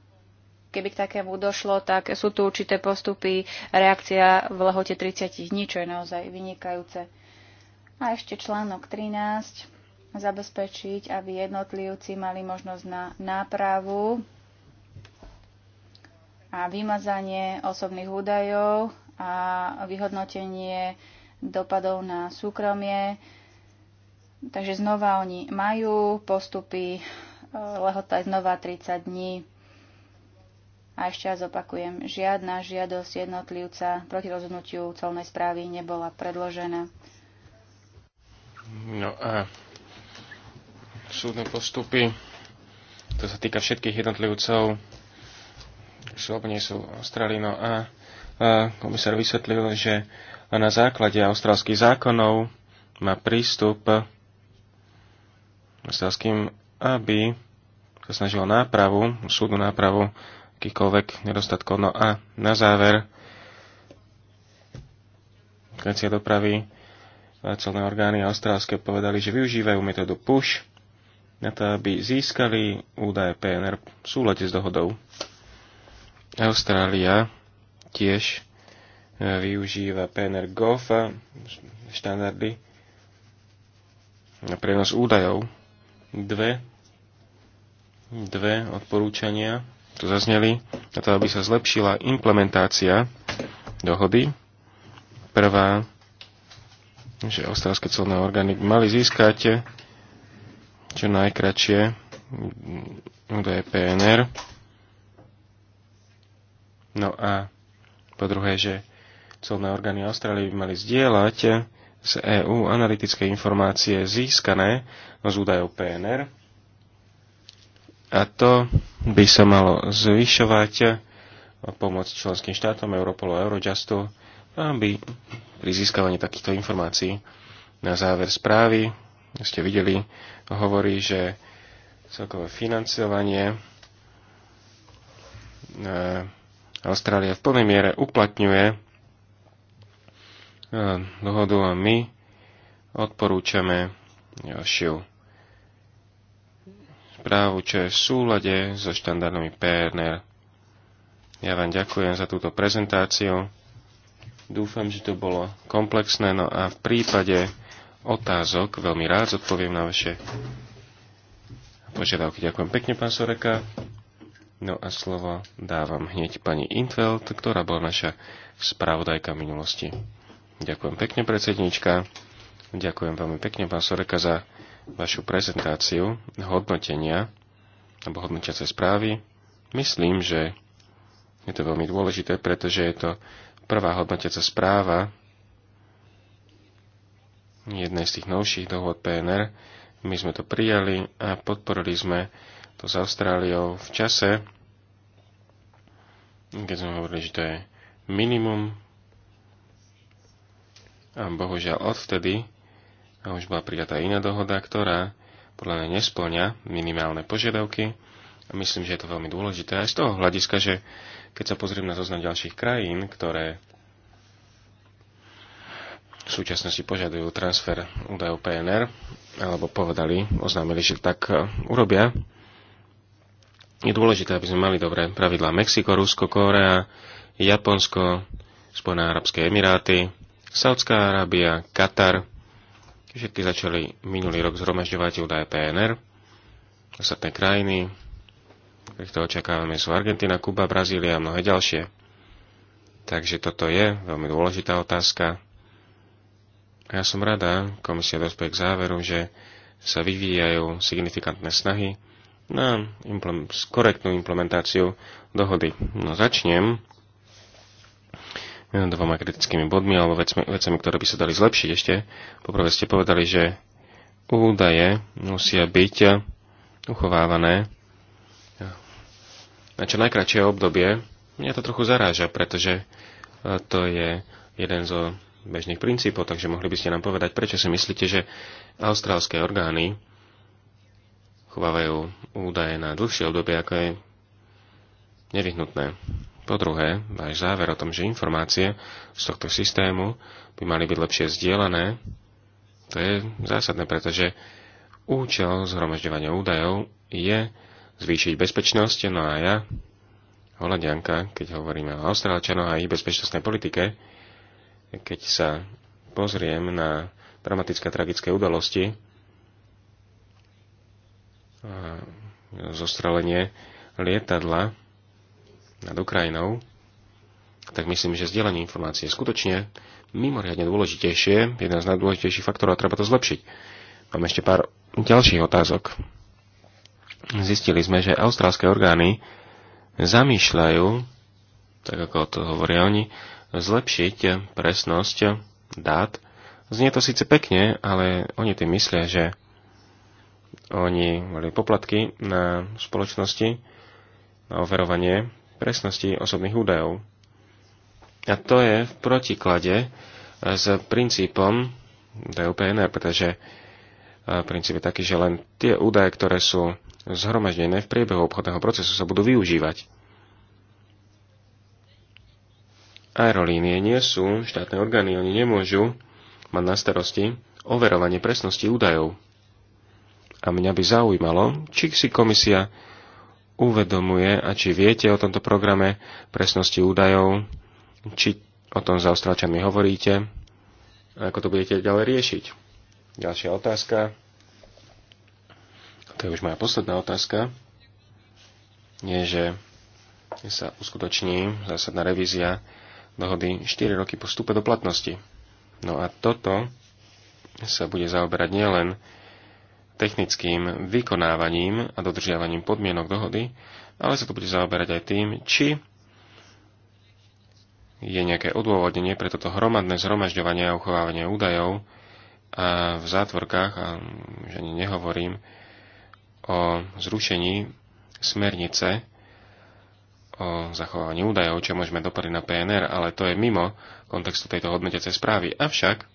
keby k takému došlo, tak sú tu určité postupy, reakcia v lehote 30 dní, čo je naozaj vynikajúce. A ešte článok 13 zabezpečiť, aby jednotlivci mali možnosť na nápravu a vymazanie osobných údajov a vyhodnotenie dopadov na súkromie. Takže znova oni majú postupy, e, lehota je znova 30 dní. A ešte raz opakujem, žiadna žiadosť jednotlivca proti rozhodnutiu colnej správy nebola predložená. No a súdne postupy. To sa týka všetkých jednotlivcov, sú alebo nie sú Austrálino a, a komisár vysvetlil, že na základe austrálskych zákonov má prístup australským, aby sa snažilo nápravu, súdnu nápravu akýkoľvek nedostatkov. No a na záver Krecia dopravy celné orgány austrálske povedali, že využívajú metódu push, na to, aby získali údaje PNR v súlade s dohodou. Austrália tiež e, využíva PNR GOV e, štandardy na prenos údajov. Dve, dve odporúčania tu zazneli na to, aby sa zlepšila implementácia dohody. Prvá, že austrálske celné orgány mali získať čo najkračšie údaje PNR. No a po druhé, že colné orgány Austrálie by mali zdieľať z EÚ analytické informácie získané z údajov PNR. A to by sa malo zvyšovať pomoc členským štátom Europolu a Eurojustu, aby pri získavaní takýchto informácií na záver správy ste videli, hovorí, že celkové financovanie e, Austrália v plnej miere uplatňuje e, dohodu a my odporúčame ďalšiu správu, čo je v súlade so štandardami PNR. Ja vám ďakujem za túto prezentáciu. Dúfam, že to bolo komplexné. No a v prípade otázok. Veľmi rád zodpoviem na vaše požiadavky. Ďakujem pekne, pán Soreka. No a slovo dávam hneď pani Intveld, ktorá bola naša spravodajka minulosti. Ďakujem pekne, predsednička. Ďakujem veľmi pekne, pán Soreka, za vašu prezentáciu hodnotenia alebo hodnotiace správy. Myslím, že je to veľmi dôležité, pretože je to prvá hodnotiaca správa jednej z tých novších dohod PNR. My sme to prijali a podporili sme to s Austráliou v čase, keď sme hovorili, že to je minimum. A bohužiaľ odvtedy a už bola prijatá iná dohoda, ktorá podľa mňa nesplňa minimálne požiadavky. A myslím, že je to veľmi dôležité aj z toho hľadiska, že keď sa pozriem na zoznam ďalších krajín, ktoré v súčasnosti požadujú transfer údajov PNR, alebo povedali, oznámili, že tak e, urobia. Je dôležité, aby sme mali dobré pravidlá Mexiko, Rusko, Kórea, Japonsko, Spojené arabské emiráty, Saudská Arábia, Katar. Všetky začali minulý rok zhromažďovať údaje PNR. Ostatné krajiny, to očakávame, sú Argentina, Kuba, Brazília a mnohé ďalšie. Takže toto je veľmi dôležitá otázka. Ja som rada, komisia dospeje k záveru, že sa vyvíjajú signifikantné snahy na implement- korektnú implementáciu dohody. No začnem dvoma kritickými bodmi alebo vecmi, vecami, ktoré by sa dali zlepšiť ešte. Poprvé ste povedali, že údaje musia byť uchovávané na čo najkračšie obdobie. Mňa to trochu zaráža, pretože to je jeden zo bežných princípov, takže mohli by ste nám povedať, prečo si myslíte, že austrálske orgány chovávajú údaje na dlhšie obdobie, ako je nevyhnutné. Po druhé, váš záver o tom, že informácie z tohto systému by mali byť lepšie zdieľané, to je zásadné, pretože účel zhromažďovania údajov je zvýšiť bezpečnosť, no a ja, Holandianka, keď hovoríme o Austrálčanoch a ich bezpečnostnej politike, keď sa pozriem na dramatické tragické udalosti, zostrelenie lietadla nad Ukrajinou, tak myslím, že zdieľanie informácie je skutočne mimoriadne dôležitejšie, jeden z najdôležitejších faktorov a treba to zlepšiť. Mám ešte pár ďalších otázok. Zistili sme, že austrálske orgány zamýšľajú, tak ako to hovoria oni, zlepšiť presnosť dát. Znie to síce pekne, ale oni tým myslia, že oni mali poplatky na spoločnosti na overovanie presnosti osobných údajov. A to je v protiklade s princípom DUPNR, pretože e, princíp je taký, že len tie údaje, ktoré sú zhromaždené v priebehu obchodného procesu, sa budú využívať. aerolínie nie sú štátne orgány, oni nemôžu mať na starosti overovanie presnosti údajov. A mňa by zaujímalo, či si komisia uvedomuje a či viete o tomto programe presnosti údajov, či o tom s hovoríte, a ako to budete ďalej riešiť. Ďalšia otázka. To je už moja posledná otázka. Je, že sa uskutoční zásadná revízia dohody 4 roky po vstupe do platnosti. No a toto sa bude zaoberať nielen technickým vykonávaním a dodržiavaním podmienok dohody, ale sa to bude zaoberať aj tým, či je nejaké odôvodnenie pre toto hromadné zhromažďovanie a uchovávanie údajov a v zátvorkách, a že ani nehovorím o zrušení smernice o zachovávaní údajov, čo môžeme dopady na PNR, ale to je mimo kontextu tejto hodnotiacej správy. Avšak,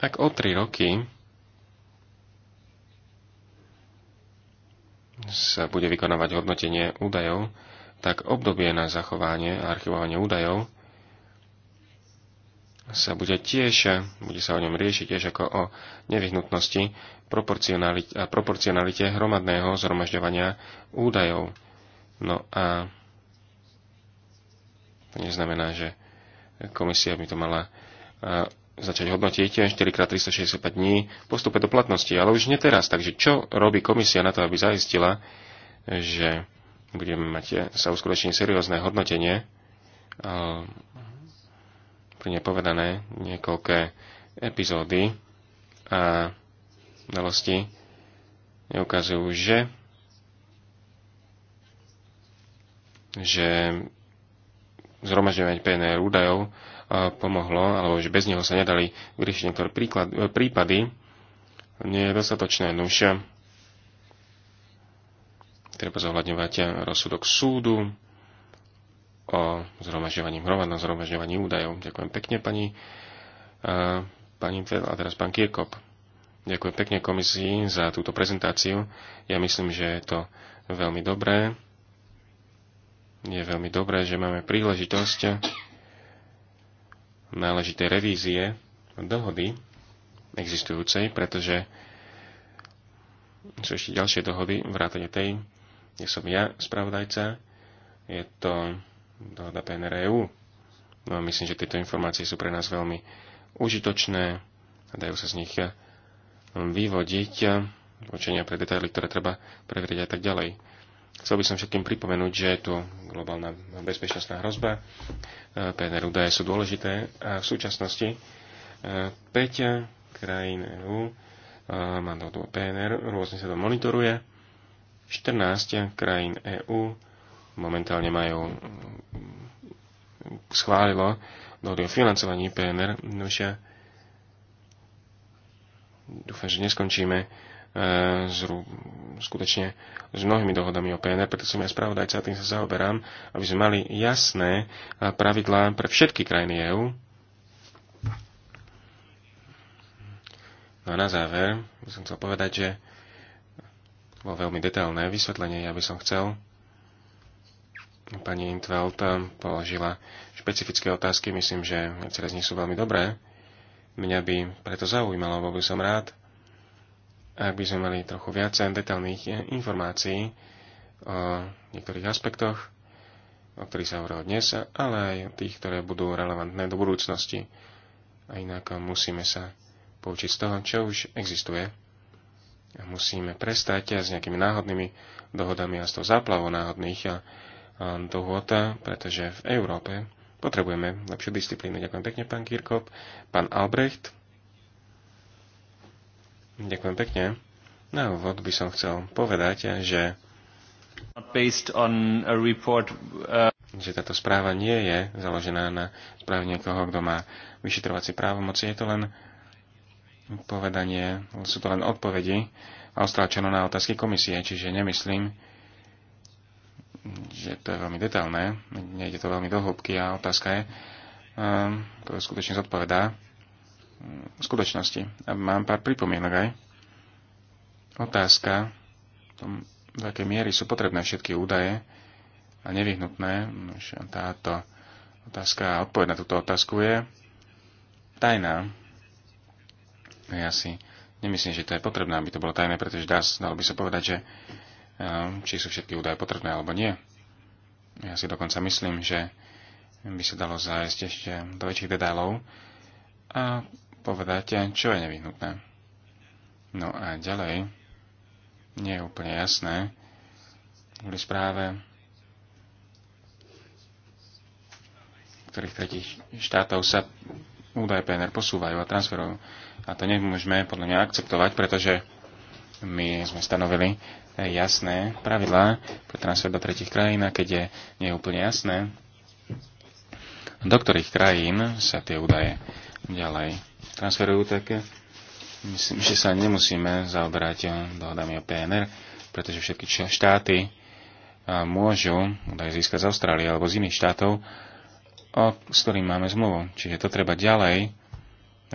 ak o tri roky sa bude vykonávať hodnotenie údajov, tak obdobie na zachovanie a archivovanie údajov sa bude tiež, bude sa o ňom riešiť tiež ako o nevyhnutnosti proporcionalite, a proporcionalite hromadného zhromažďovania údajov No a to neznamená, že komisia by to mala začať hodnotiť 4x365 dní postupe do platnosti, ale už nie teraz. Takže čo robí komisia na to, aby zaistila, že budeme mať e, sa uskutoční seriózne hodnotenie, pri nepovedané niekoľké epizódy a znalosti neukazujú, že že zhromažďovanie PNR údajov e, pomohlo, alebo že bez neho sa nedali vyriešiť niektoré príklad, e, prípady, nie je dostatočné. Nuž treba zohľadňovať rozsudok súdu o zhromažďovaní hromadnom zhromažďovaní údajov. Ďakujem pekne, pani, e, pani Fel a teraz pán Kirkop. Ďakujem pekne komisii za túto prezentáciu. Ja myslím, že je to veľmi dobré je veľmi dobré, že máme príležitosť náležitej revízie dohody existujúcej, pretože sú ešte ďalšie dohody, vrátane tej, kde som ja spravodajca, je to dohoda PNR-EU. No a myslím, že tieto informácie sú pre nás veľmi užitočné a dajú sa z nich vyvodiť učenia pre detaily, ktoré treba preveriť a tak ďalej. Chcel by som všetkým pripomenúť, že je tu globálna bezpečnostná hrozba, e, PNR údaje sú dôležité a v súčasnosti 5 e, krajín EU e, má dohodu o PNR, rôzne sa to monitoruje. 14 krajín EÚ momentálne majú mm, schválilo dohody o financovaní PNR. Nože, dúfam, že neskončíme skutočne s mnohými dohodami o PNR, preto som ja spravodajca tým sa zaoberám, aby sme mali jasné eh, pravidlá pre všetky krajiny EÚ. No a na záver by som chcel povedať, že bolo veľmi detailné vysvetlenie, ja by som chcel. Pani Intveld eh, položila špecifické otázky, myslím, že niektoré z nich sú veľmi dobré. Mňa by preto zaujímalo, bol by som rád, ak by sme mali trochu viac detailných informácií o niektorých aspektoch, o ktorých sa hovorilo dnes, ale aj o tých, ktoré budú relevantné do budúcnosti. A inak musíme sa poučiť z toho, čo už existuje. A musíme prestať s nejakými náhodnými dohodami a s tou záplavou náhodných dohod, pretože v Európe potrebujeme lepšiu disciplínu. Ďakujem pekne, pán Kirkop, pán Albrecht. Ďakujem pekne. Na úvod by som chcel povedať, že report, uh... že táto správa nie je založená na správe niekoho, kto má vyšetrovací právomoci. Je to len povedanie, sú to len odpovedi ostráčeno na otázky komisie, čiže nemyslím, že to je veľmi detailné, nejde to veľmi do hĺbky a otázka je, um, uh, to skutočne zodpovedá skutočnosti. A mám pár pripomienok aj. Otázka, v akej miery sú potrebné všetky údaje a nevyhnutné, táto otázka a odpoveď na túto otázku je tajná. Ja si nemyslím, že to je potrebné, aby to bolo tajné, pretože dá, dalo by sa povedať, že eh, či sú všetky údaje potrebné alebo nie. Ja si dokonca myslím, že by sa dalo zájsť ešte do väčších detailov a povedať, čo je nevyhnutné. No a ďalej nie je úplne jasné kvôli správe ktorých tretich štátov sa údaje PNR posúvajú a transferujú. A to nemôžeme podľa mňa akceptovať, pretože my sme stanovili jasné pravidlá pre transfer do tretich krajín a keď je nie je úplne jasné, do ktorých krajín sa tie údaje ďalej transferujú, také. Eh, myslím, že sa nemusíme zaoberať eh, dohodami o PNR, pretože všetky štáty eh, môžu údaje získať z Austrálie alebo z iných štátov, o, s ktorým máme zmluvu. Čiže to treba ďalej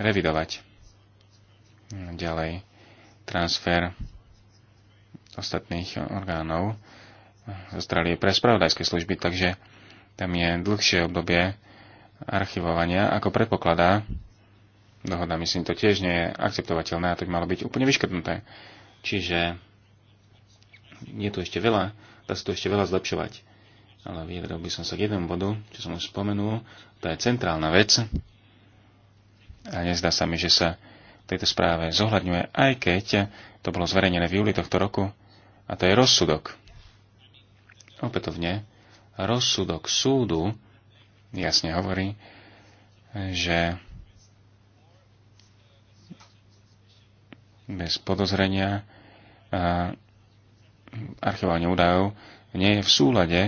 revidovať. Ďalej transfer ostatných orgánov z Austrálie pre spravodajské služby, takže tam je dlhšie obdobie archivovania, ako predpokladá dohoda, myslím, to tiež nie je akceptovateľné a to by malo byť úplne vyškrtnuté. Čiže je tu ešte veľa, dá sa tu ešte veľa zlepšovať. Ale vyjadril by som sa k jednému bodu, čo som už spomenul, to je centrálna vec. A nezdá sa mi, že sa v tejto správe zohľadňuje, aj keď to bolo zverejnené v júli tohto roku, a to je rozsudok. Opätovne, rozsudok súdu jasne hovorí, že bez podozrenia a archivovanie údajov nie je v súlade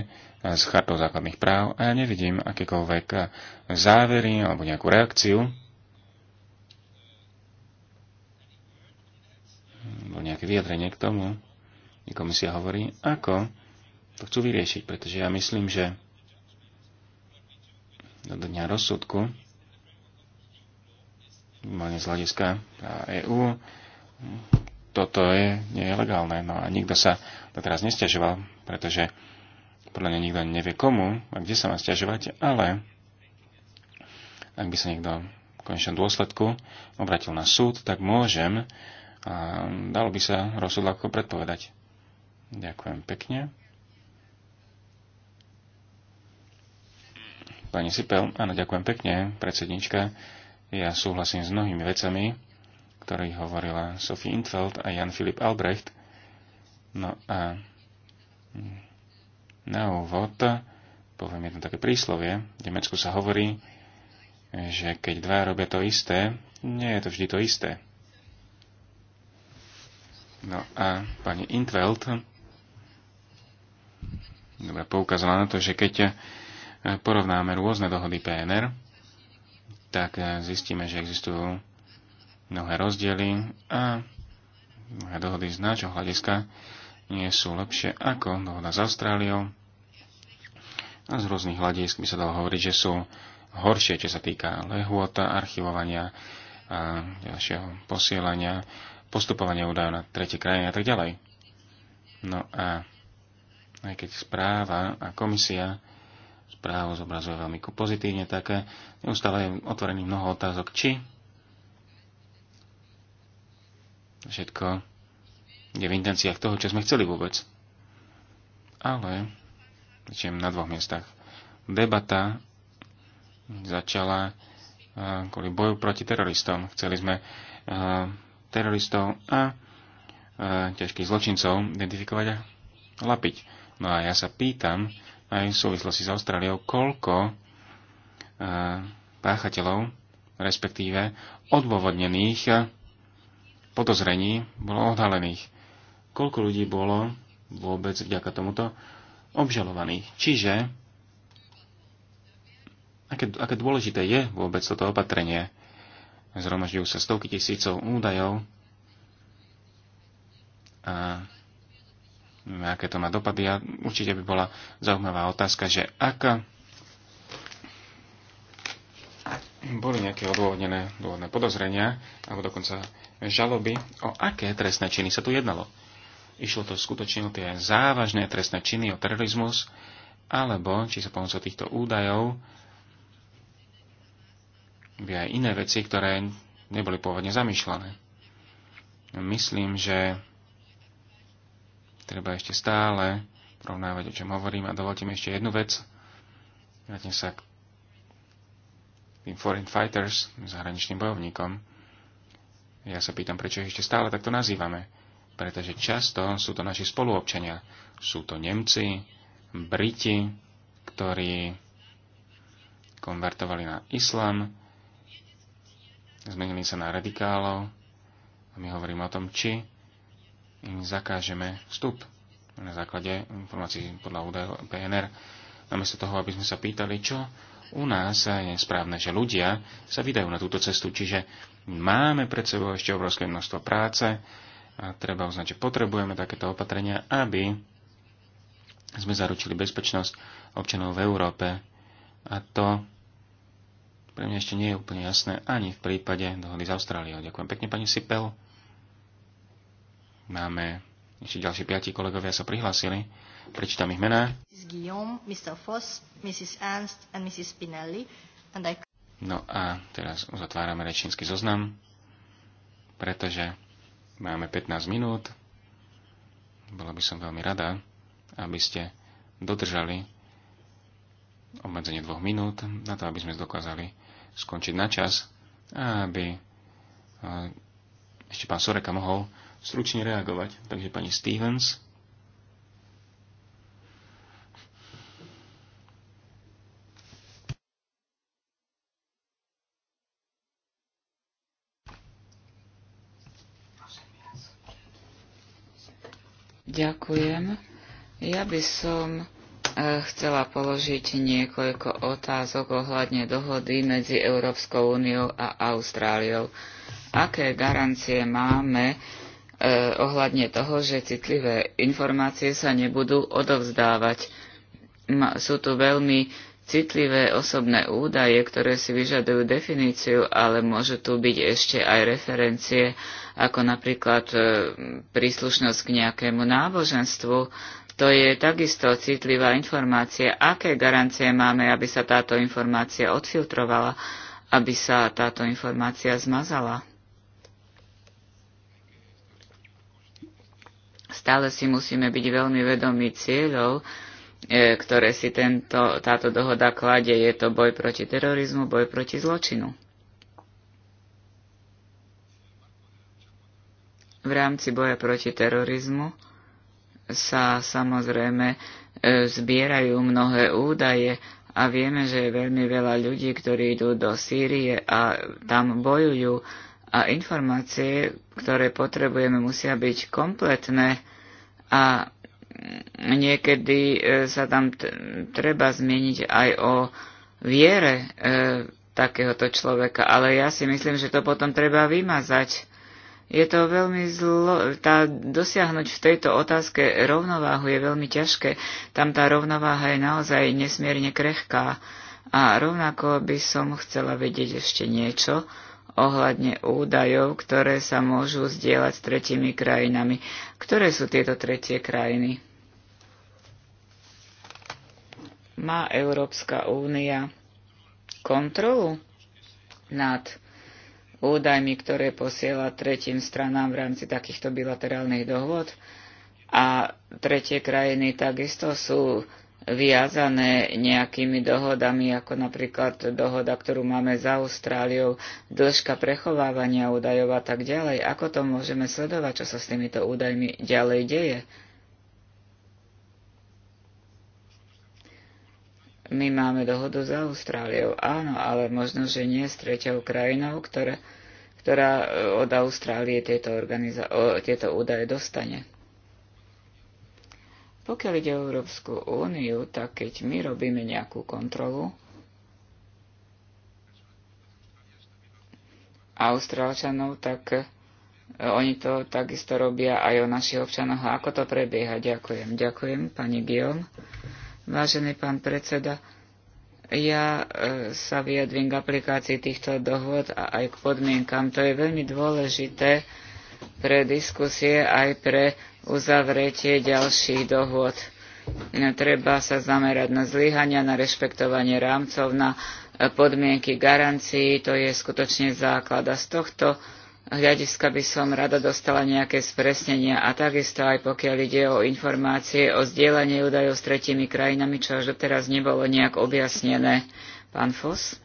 s chartou základných práv a ja nevidím akékoľvek závery alebo nejakú reakciu alebo nejaké vyjadrenie k tomu, komisia hovorí, ako to chcú vyriešiť, pretože ja myslím, že do dňa rozsudku, minimálne z hľadiska EÚ, toto je, nelegálne. No a nikto sa to teraz nestiažoval, pretože podľa mňa nikto nevie komu a kde sa má stiažovať, ale ak by sa niekto v konečnom dôsledku obratil na súd, tak môžem a dalo by sa ľahko predpovedať. Ďakujem pekne. Pani Sipel, áno, ďakujem pekne, predsednička. Ja súhlasím s mnohými vecami, ktorých hovorila Sophie Intfeld a Jan Filip Albrecht. No a na úvod poviem jedno také príslovie. V Nemecku sa hovorí, že keď dva robia to isté, nie je to vždy to isté. No a pani Intveld dobre, poukázala na to, že keď porovnáme rôzne dohody PNR, tak zistíme, že existujú mnohé rozdiely a mnohé dohody z nášho hľadiska nie sú lepšie ako dohoda s Austráliou. A z rôznych hľadisk by sa dalo hovoriť, že sú horšie, čo sa týka lehôta, archivovania a ďalšieho posielania, postupovania údajov na tretie krajiny a tak ďalej. No a aj keď správa a komisia správu zobrazuje veľmi pozitívne, tak neustále je otvorený mnoho otázok, či Všetko je v intenciách toho, čo sme chceli vôbec. Ale, začnem na dvoch miestach. Debata začala eh, kvôli boju proti teroristom. Chceli sme eh, teroristov a eh, ťažkých zločincov identifikovať a lapiť. No a ja sa pýtam, aj v súvislosti s Austráliou, koľko páchateľov, respektíve odôvodnených podozrení bolo odhalených. Koľko ľudí bolo vôbec vďaka tomuto obžalovaných. Čiže aké, aké dôležité je vôbec toto opatrenie. Zhromažďujú sa stovky tisícov údajov a aké to má dopady. A určite by bola zaujímavá otázka, že aká. boli nejaké odôvodnené dôvodné podozrenia alebo dokonca žaloby, o aké trestné činy sa tu jednalo. Išlo to skutočne o tie závažné trestné činy, o terorizmus, alebo či sa pomocou týchto údajov by aj iné veci, ktoré neboli pôvodne zamýšľané. Myslím, že treba ešte stále porovnávať, o čom hovorím a dovolte mi ešte jednu vec. Vrátim sa k tým foreign fighters, zahraničným bojovníkom. Ja sa pýtam, prečo ich ešte stále takto nazývame. Pretože často sú to naši spoluobčania. Sú to Nemci, Briti, ktorí konvertovali na islam, zmenili sa na radikálov a my hovoríme o tom, či im zakážeme vstup na základe informácií podľa údajov PNR. Namiesto toho, aby sme sa pýtali, čo u nás je správne, že ľudia sa vydajú na túto cestu, čiže máme pred sebou ešte obrovské množstvo práce a treba uznať, že potrebujeme takéto opatrenia, aby sme zaručili bezpečnosť občanov v Európe a to pre mňa ešte nie je úplne jasné ani v prípade dohody s Austráliou. Ďakujem pekne, pani Sipel. Máme ešte ďalší piati kolegovia sa prihlásili. Prečítam ich mená. No a teraz uzatvárame rečnícky zoznam, pretože máme 15 minút. Bola by som veľmi rada, aby ste dodržali obmedzenie dvoch minút, na to, aby sme dokázali skončiť na čas a aby eh, ešte pán Soreka mohol stručne reagovať. Takže pani Stevens. Ďakujem. Ja by som e, chcela položiť niekoľko otázok ohľadne dohody medzi Európskou úniou a Austráliou. Aké garancie máme E, ohľadne toho, že citlivé informácie sa nebudú odovzdávať. Sú tu veľmi citlivé osobné údaje, ktoré si vyžadujú definíciu, ale môžu tu byť ešte aj referencie, ako napríklad e, príslušnosť k nejakému náboženstvu. To je takisto citlivá informácia. Aké garancie máme, aby sa táto informácia odfiltrovala, aby sa táto informácia zmazala? Stále si musíme byť veľmi vedomí cieľov, e, ktoré si tento, táto dohoda kladie. Je to boj proti terorizmu, boj proti zločinu. V rámci boja proti terorizmu sa samozrejme e, zbierajú mnohé údaje a vieme, že je veľmi veľa ľudí, ktorí idú do Sýrie a tam bojujú a informácie, ktoré potrebujeme, musia byť kompletné a niekedy e, sa tam treba zmieniť aj o viere e, takéhoto človeka, ale ja si myslím, že to potom treba vymazať. Je to veľmi zlo, tá, dosiahnuť v tejto otázke rovnováhu je veľmi ťažké. Tam tá rovnováha je naozaj nesmierne krehká. A rovnako by som chcela vedieť ešte niečo ohľadne údajov, ktoré sa môžu zdieľať s tretimi krajinami. Ktoré sú tieto tretie krajiny? Má Európska únia kontrolu nad údajmi, ktoré posiela tretím stranám v rámci takýchto bilaterálnych dohôd? A tretie krajiny takisto sú viazané nejakými dohodami, ako napríklad dohoda, ktorú máme za Austráliou, dĺžka prechovávania údajov a tak ďalej. Ako to môžeme sledovať, čo sa s týmito údajmi ďalej deje? My máme dohodu za Austráliou, áno, ale možno, že nie s treťou krajinou, ktoré, ktorá eh, od Austrálie tieto, organiza- o, tieto údaje dostane. Pokiaľ ide o Európsku úniu, tak keď my robíme nejakú kontrolu, Austrálčanov, tak e, oni to takisto robia aj o našich občanoch. A ako to prebieha? Ďakujem. Ďakujem, pani Guillaume. Vážený pán predseda, ja e, sa vyjadrím k aplikácii týchto dohod a aj k podmienkam. To je veľmi dôležité pre diskusie aj pre uzavretie ďalších dohôd. No, treba sa zamerať na zlyhania, na rešpektovanie rámcov, na e, podmienky garancií, to je skutočne základ. A z tohto hľadiska by som rada dostala nejaké spresnenia a takisto aj pokiaľ ide o informácie o zdieľanie údajov s tretími krajinami, čo až doteraz nebolo nejak objasnené. Pán Fos?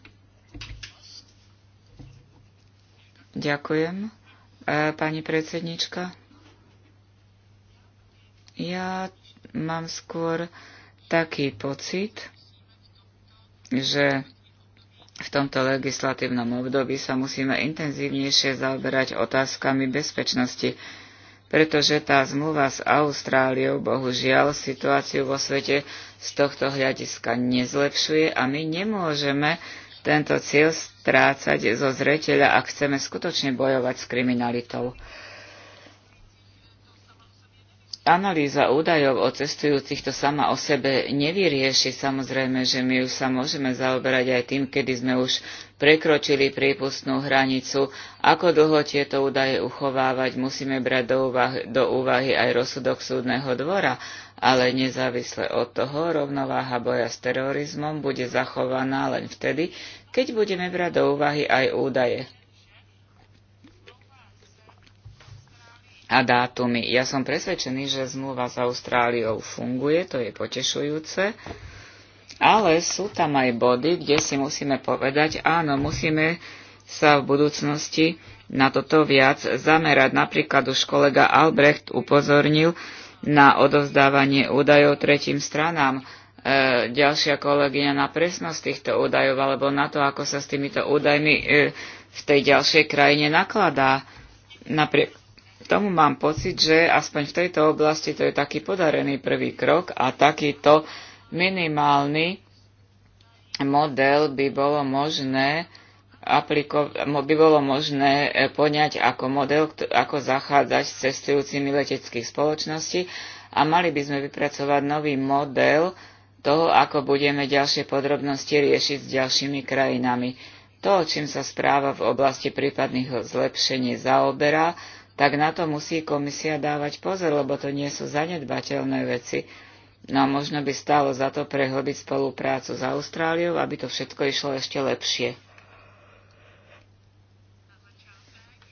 Ďakujem pani predsednička. Ja mám skôr taký pocit, že v tomto legislatívnom období sa musíme intenzívnejšie zaoberať otázkami bezpečnosti, pretože tá zmluva s Austráliou bohužiaľ situáciu vo svete z tohto hľadiska nezlepšuje a my nemôžeme tento cieľ strácať zo zreteľa, ak chceme skutočne bojovať s kriminalitou. Analýza údajov o cestujúcich to sama o sebe nevyrieši. Samozrejme, že my už sa môžeme zaoberať aj tým, kedy sme už prekročili prípustnú hranicu. Ako dlho tieto údaje uchovávať, musíme brať do úvahy, do úvahy aj rozsudok súdneho dvora ale nezávisle od toho rovnováha boja s terorizmom bude zachovaná len vtedy, keď budeme brať do úvahy aj údaje. A dátumy. Ja som presvedčený, že zmluva s Austráliou funguje, to je potešujúce, ale sú tam aj body, kde si musíme povedať, áno, musíme sa v budúcnosti na toto viac zamerať. Napríklad už kolega Albrecht upozornil, na odovzdávanie údajov tretím stranám. E, ďalšia kolegyňa na presnosť týchto údajov alebo na to, ako sa s týmito údajmi e, v tej ďalšej krajine nakladá. Napriek tomu mám pocit, že aspoň v tejto oblasti to je taký podarený prvý krok a takýto minimálny model by bolo možné e, by bolo možné e, poňať ako model, ako zachádzať s cestujúcimi leteckých spoločností a mali by sme vypracovať nový model toho, ako budeme ďalšie podrobnosti riešiť s ďalšími krajinami. To, čím sa správa v oblasti prípadných zlepšení zaoberá, tak na to musí komisia dávať pozor, lebo to nie sú zanedbateľné veci. No a možno by stálo za to prehlbiť spoluprácu s Austráliou, aby to všetko išlo ešte lepšie.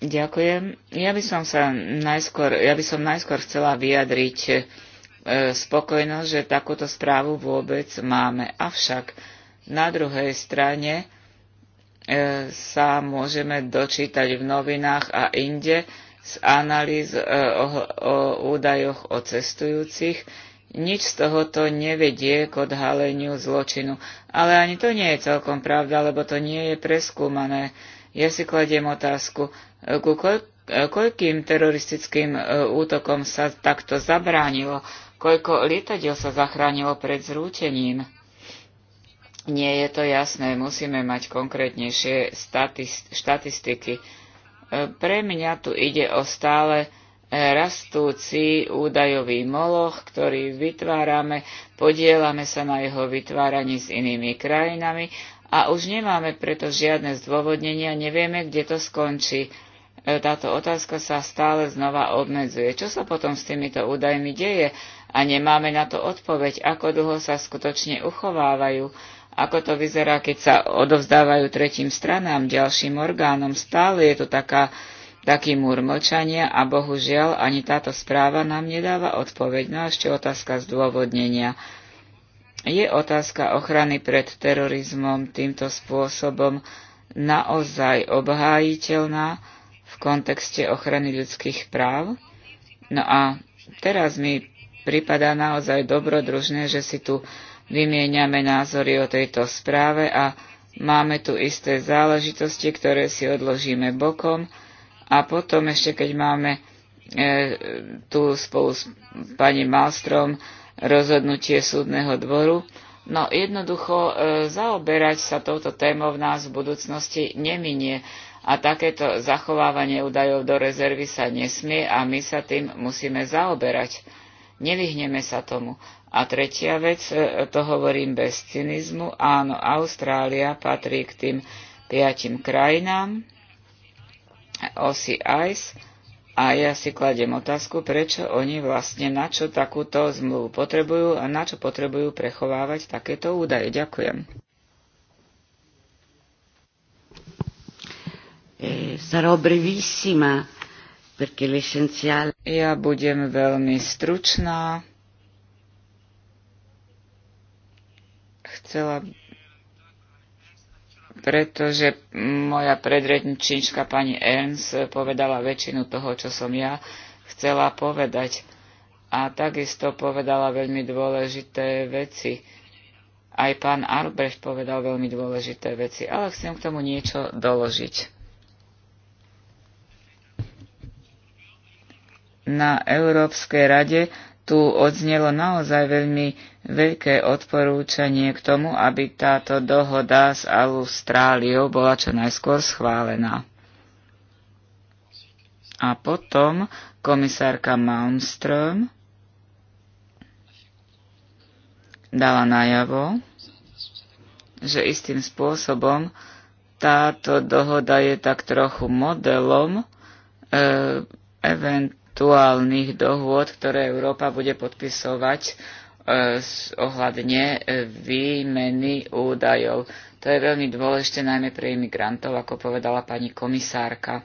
Ďakujem. Ja by som sa najskôr, ja by som najskôr chcela vyjadriť e, spokojnosť, že takúto správu vôbec máme. Avšak na druhej strane e, sa môžeme dočítať v novinách a inde z analýz e, o, o údajoch o cestujúcich. Nič z tohoto nevedie k odhaleniu zločinu. Ale ani to nie je celkom pravda, lebo to nie je preskúmané. E, ja si kladiem otázku, e, ku e, koľkým teroristickým e, útokom sa takto zabránilo, koľko lietadiel sa zachránilo pred zrútením. Nie je to jasné, musíme mať konkrétnejšie statist- štatistiky. Pre mňa tu ide o stále rastúci údajový moloch, ktorý vytvárame, podielame sa na jeho vytváraní s inými krajinami a už nemáme preto žiadne zdôvodnenia, nevieme, kde to skončí. E, táto otázka sa stále znova obmedzuje. Čo sa potom s týmito údajmi deje? A nemáme na to odpoveď, ako dlho sa skutočne uchovávajú, ako to vyzerá, keď sa odovzdávajú tretím stranám, ďalším orgánom. Stále je to taká, taký múr mlčania a bohužiaľ ani táto správa nám nedáva odpoveď. No a ešte otázka zdôvodnenia je otázka ochrany pred terorizmom týmto spôsobom naozaj obhájiteľná v kontexte ochrany ľudských práv? No a teraz mi pripadá naozaj dobrodružné, že si tu vymieňame názory o tejto správe a máme tu isté záležitosti, ktoré si odložíme bokom a potom ešte keď máme e, tu spolu s pani Malstrom rozhodnutie súdneho dvoru. No jednoducho e, zaoberať sa touto témou v nás v budúcnosti neminie a takéto zachovávanie údajov do rezervy sa nesmie a my sa tým musíme zaoberať. Nevyhneme sa tomu. A tretia vec, e, to hovorím bez cynizmu, áno, Austrália patrí k tým piatim krajinám, osi ICE, a ja si kladiem otázku, prečo oni vlastne na čo takúto zmluvu potrebujú a na čo potrebujú prechovávať takéto údaje. Ďakujem. E, ja budem veľmi stručná. Chcela pretože moja predredničníčka pani Ernst povedala väčšinu toho, čo som ja chcela povedať. A takisto povedala veľmi dôležité veci. Aj pán Arbrecht povedal veľmi dôležité veci, ale chcem k tomu niečo doložiť. Na Európskej rade tu odznelo naozaj veľmi veľké odporúčanie k tomu, aby táto dohoda s Austráliou bola čo najskôr schválená. A potom komisárka Malmström dala najavo, že istým spôsobom táto dohoda je tak trochu modelom e, event aktuálnych dohôd, ktoré Európa bude podpisovať e, ohľadne e, výmeny údajov. To je veľmi dôležité najmä pre imigrantov, ako povedala pani komisárka.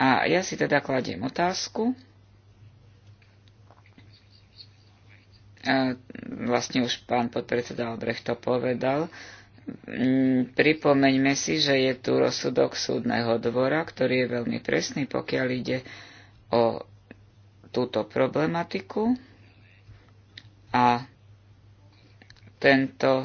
A ja si teda kladiem otázku. E, vlastne už pán podpredseda Albrecht to povedal. Mm, pripomeňme si, že je tu rozsudok súdneho dvora, ktorý je veľmi presný, pokiaľ ide o túto problematiku a tento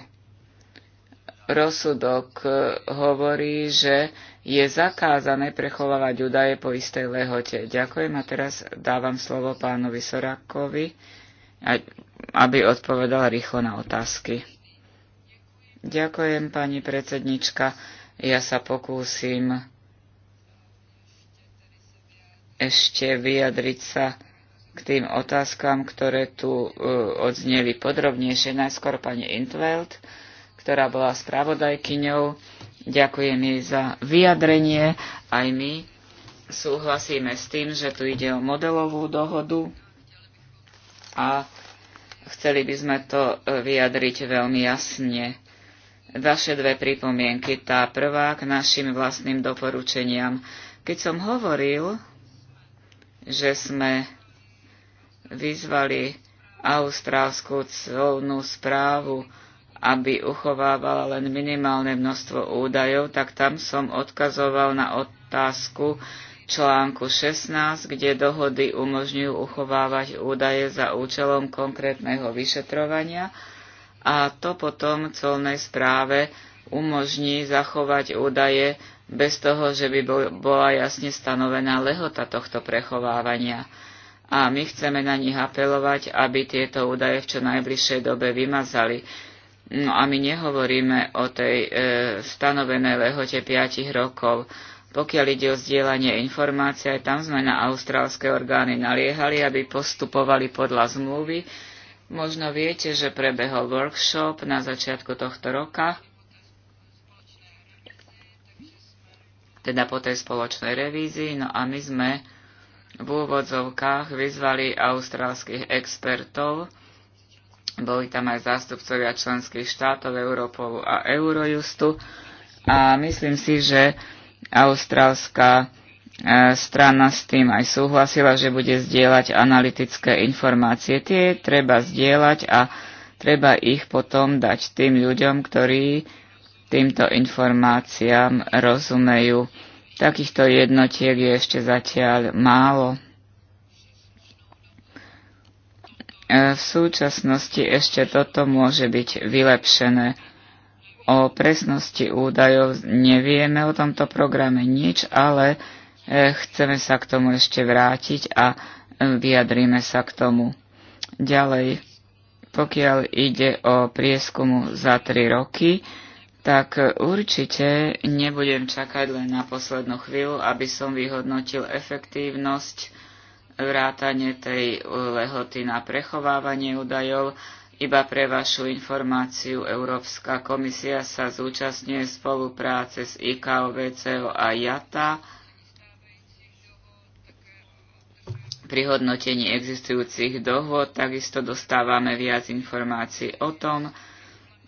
rozsudok eh, hovorí, že je zakázané prechovávať údaje po istej lehote. Ďakujem a teraz dávam slovo pánovi Sorakovi, aby odpovedal rýchlo na otázky. Ďakujem, pani predsednička. Ja sa pokúsim ešte vyjadriť sa k tým otázkam, ktoré tu e, odzneli podrobnejšie. Najskôr pani Intveld, ktorá bola spravodajkyňou. Ďakujem jej za vyjadrenie. Aj my súhlasíme s tým, že tu ide o modelovú dohodu a chceli by sme to e, vyjadriť veľmi jasne. Vaše dve pripomienky. Tá prvá k našim vlastným doporučeniam. Keď som hovoril že sme vyzvali austrálskú colnú správu, aby uchovávala len minimálne množstvo údajov, tak tam som odkazoval na otázku článku 16, kde dohody umožňujú uchovávať údaje za účelom konkrétneho vyšetrovania a to potom colnej správe umožní zachovať údaje bez toho, že by bola jasne stanovená lehota tohto prechovávania. A my chceme na nich apelovať, aby tieto údaje v čo najbližšej dobe vymazali. No a my nehovoríme o tej e, stanovenej lehote 5 rokov. Pokiaľ ide o zdieľanie informácií, aj tam sme na austrálske orgány naliehali, aby postupovali podľa zmluvy. Možno viete, že prebehol workshop na začiatku tohto roka teda po tej spoločnej revízii. No a my sme v úvodzovkách vyzvali austrálskych expertov, boli tam aj zástupcovia členských štátov Europolu a Eurojustu a myslím si, že austrálska e, strana s tým aj súhlasila, že bude zdieľať analytické informácie. Tie treba zdieľať a treba ich potom dať tým ľuďom, ktorí týmto informáciám rozumejú. Takýchto jednotiek je ešte zatiaľ málo. E, v súčasnosti ešte toto môže byť vylepšené. O presnosti údajov nevieme o tomto programe nič, ale e, chceme sa k tomu ešte vrátiť a e, vyjadríme sa k tomu. Ďalej, pokiaľ ide o prieskumu za 3 roky, tak určite nebudem čakať len na poslednú chvíľu, aby som vyhodnotil efektívnosť vrátane tej eh, lehoty na prechovávanie údajov. Iba pre vašu informáciu Európska komisia sa zúčastňuje spolupráce s IKO, VCO a JATA pri hodnotení existujúcich dohôd. Takisto dostávame viac informácií o tom,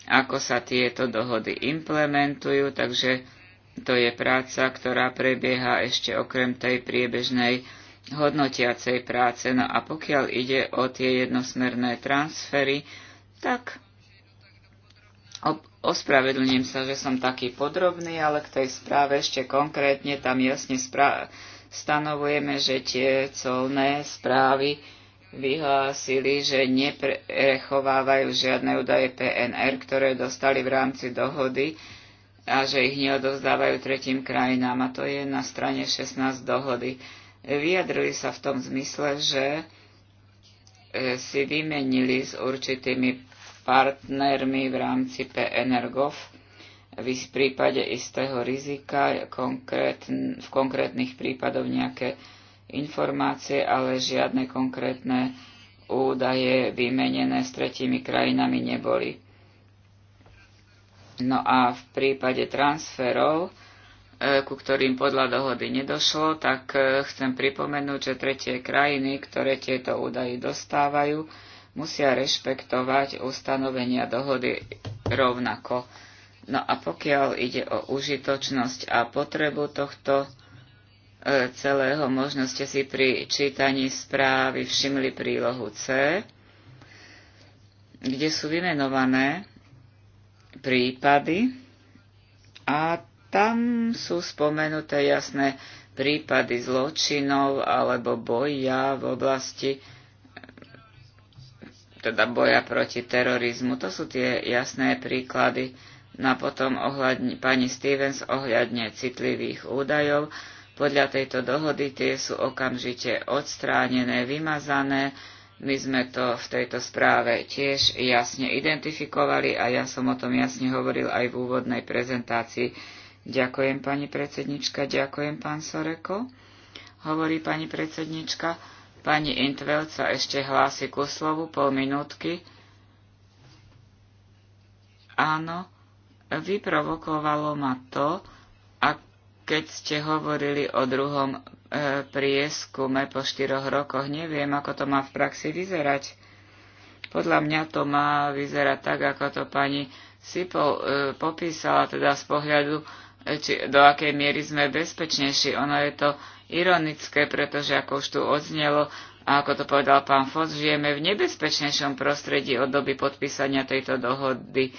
ako sa tieto dohody implementujú, takže to je práca, ktorá prebieha ešte okrem tej priebežnej hodnotiacej práce. No a pokiaľ ide o tie jednosmerné transfery, tak ospravedlním sa, že som taký podrobný, ale k tej správe ešte konkrétne tam jasne stanovujeme, že tie colné správy vyhlásili, že neprechovávajú žiadne údaje PNR, ktoré dostali v rámci dohody a že ich neodovzdávajú tretím krajinám. A to je na strane 16 dohody. Vyjadrili sa v tom zmysle, že e, si vymenili s určitými partnermi v rámci PNR GOV v prípade istého rizika, konkrétn, v konkrétnych prípadoch nejaké informácie, ale žiadne konkrétne údaje vymenené s tretími krajinami neboli. No a v prípade transferov, e, ku ktorým podľa dohody nedošlo, tak e, chcem pripomenúť, že tretie krajiny, ktoré tieto údaje dostávajú, musia rešpektovať ustanovenia dohody rovnako. No a pokiaľ ide o užitočnosť a potrebu tohto E, celého. Možno ste si pri čítaní správy všimli prílohu C, kde sú vymenované prípady a tam sú spomenuté jasné prípady zločinov alebo boja v oblasti teda boja proti terorizmu. To sú tie jasné príklady. na potom ohľadne, pani Stevens ohľadne citlivých údajov podľa tejto dohody tie sú okamžite odstránené, vymazané. My sme to v tejto správe tiež jasne identifikovali a ja som o tom jasne hovoril aj v úvodnej prezentácii. Ďakujem, pani predsednička, ďakujem, pán Soreko. Hovorí pani predsednička. Pani Intveld sa ešte hlási ku slovu, pol minútky. Áno, vyprovokovalo ma to, keď ste hovorili o druhom e, prieskume po štyroch rokoch. Neviem, ako to má v praxi vyzerať. Podľa mňa to má vyzerať tak, ako to pani Sipol e, popísala, teda z pohľadu, e, či, do akej miery sme bezpečnejší. Ono je to ironické, pretože ako už tu odznelo, a ako to povedal pán Fos, žijeme v nebezpečnejšom prostredí od doby podpísania tejto dohody.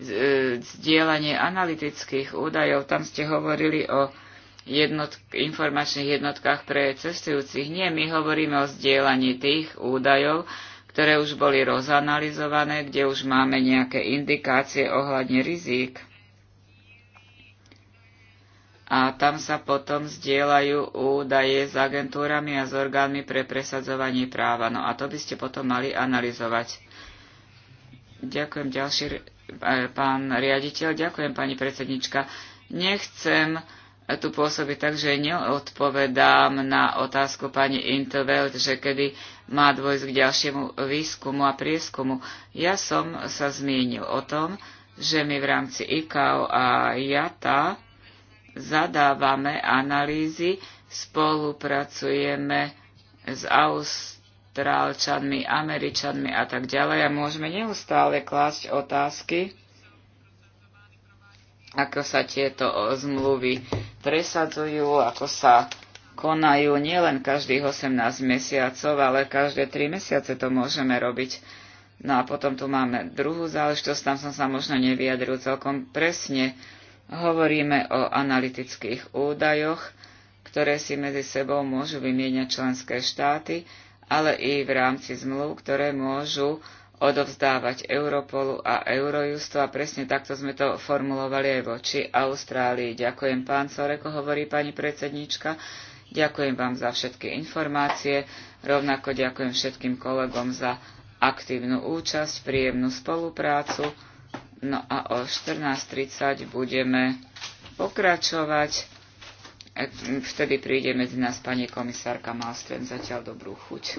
E, zdieľanie analytických údajov. Tam ste hovorili o jednotk- informačných jednotkách pre cestujúcich. Nie, my hovoríme o zdieľaní tých údajov, ktoré už boli rozanalizované, kde už máme nejaké indikácie ohľadne rizík. A tam sa potom zdieľajú údaje s agentúrami a s orgánmi pre presadzovanie práva. No a to by ste potom mali analyzovať. Ďakujem. Ďalší pán riaditeľ. Ďakujem, pani predsednička. Nechcem tu pôsobiť tak, že neodpovedám na otázku pani Intervelt, že kedy má dôjsť k ďalšiemu výskumu a prieskumu. Ja som sa zmienil o tom, že my v rámci IKAO a JATA zadávame analýzy, spolupracujeme s Austrálii, Austrálčanmi, Američanmi a tak ďalej a môžeme neustále klásť otázky, ako sa tieto zmluvy presadzujú, ako sa konajú nielen každých 18 mesiacov, ale každé 3 mesiace to môžeme robiť. No a potom tu máme druhú záležitosť, tam som sa možno nevyjadril celkom presne. Hovoríme o analytických údajoch, ktoré si medzi sebou môžu vymieňať členské štáty, ale i v rámci zmluv, ktoré môžu odovzdávať Europolu a Eurojustu a presne takto sme to formulovali aj voči Austrálii. Ďakujem pán Soreko, hovorí pani predsednička. Ďakujem vám za všetky informácie, rovnako ďakujem všetkým kolegom za aktívnu účasť, príjemnú spoluprácu. No a o 14.30 budeme pokračovať. E, vtedy príde medzi nás pani komisárka Malstrem. Zatiaľ dobrú chuť.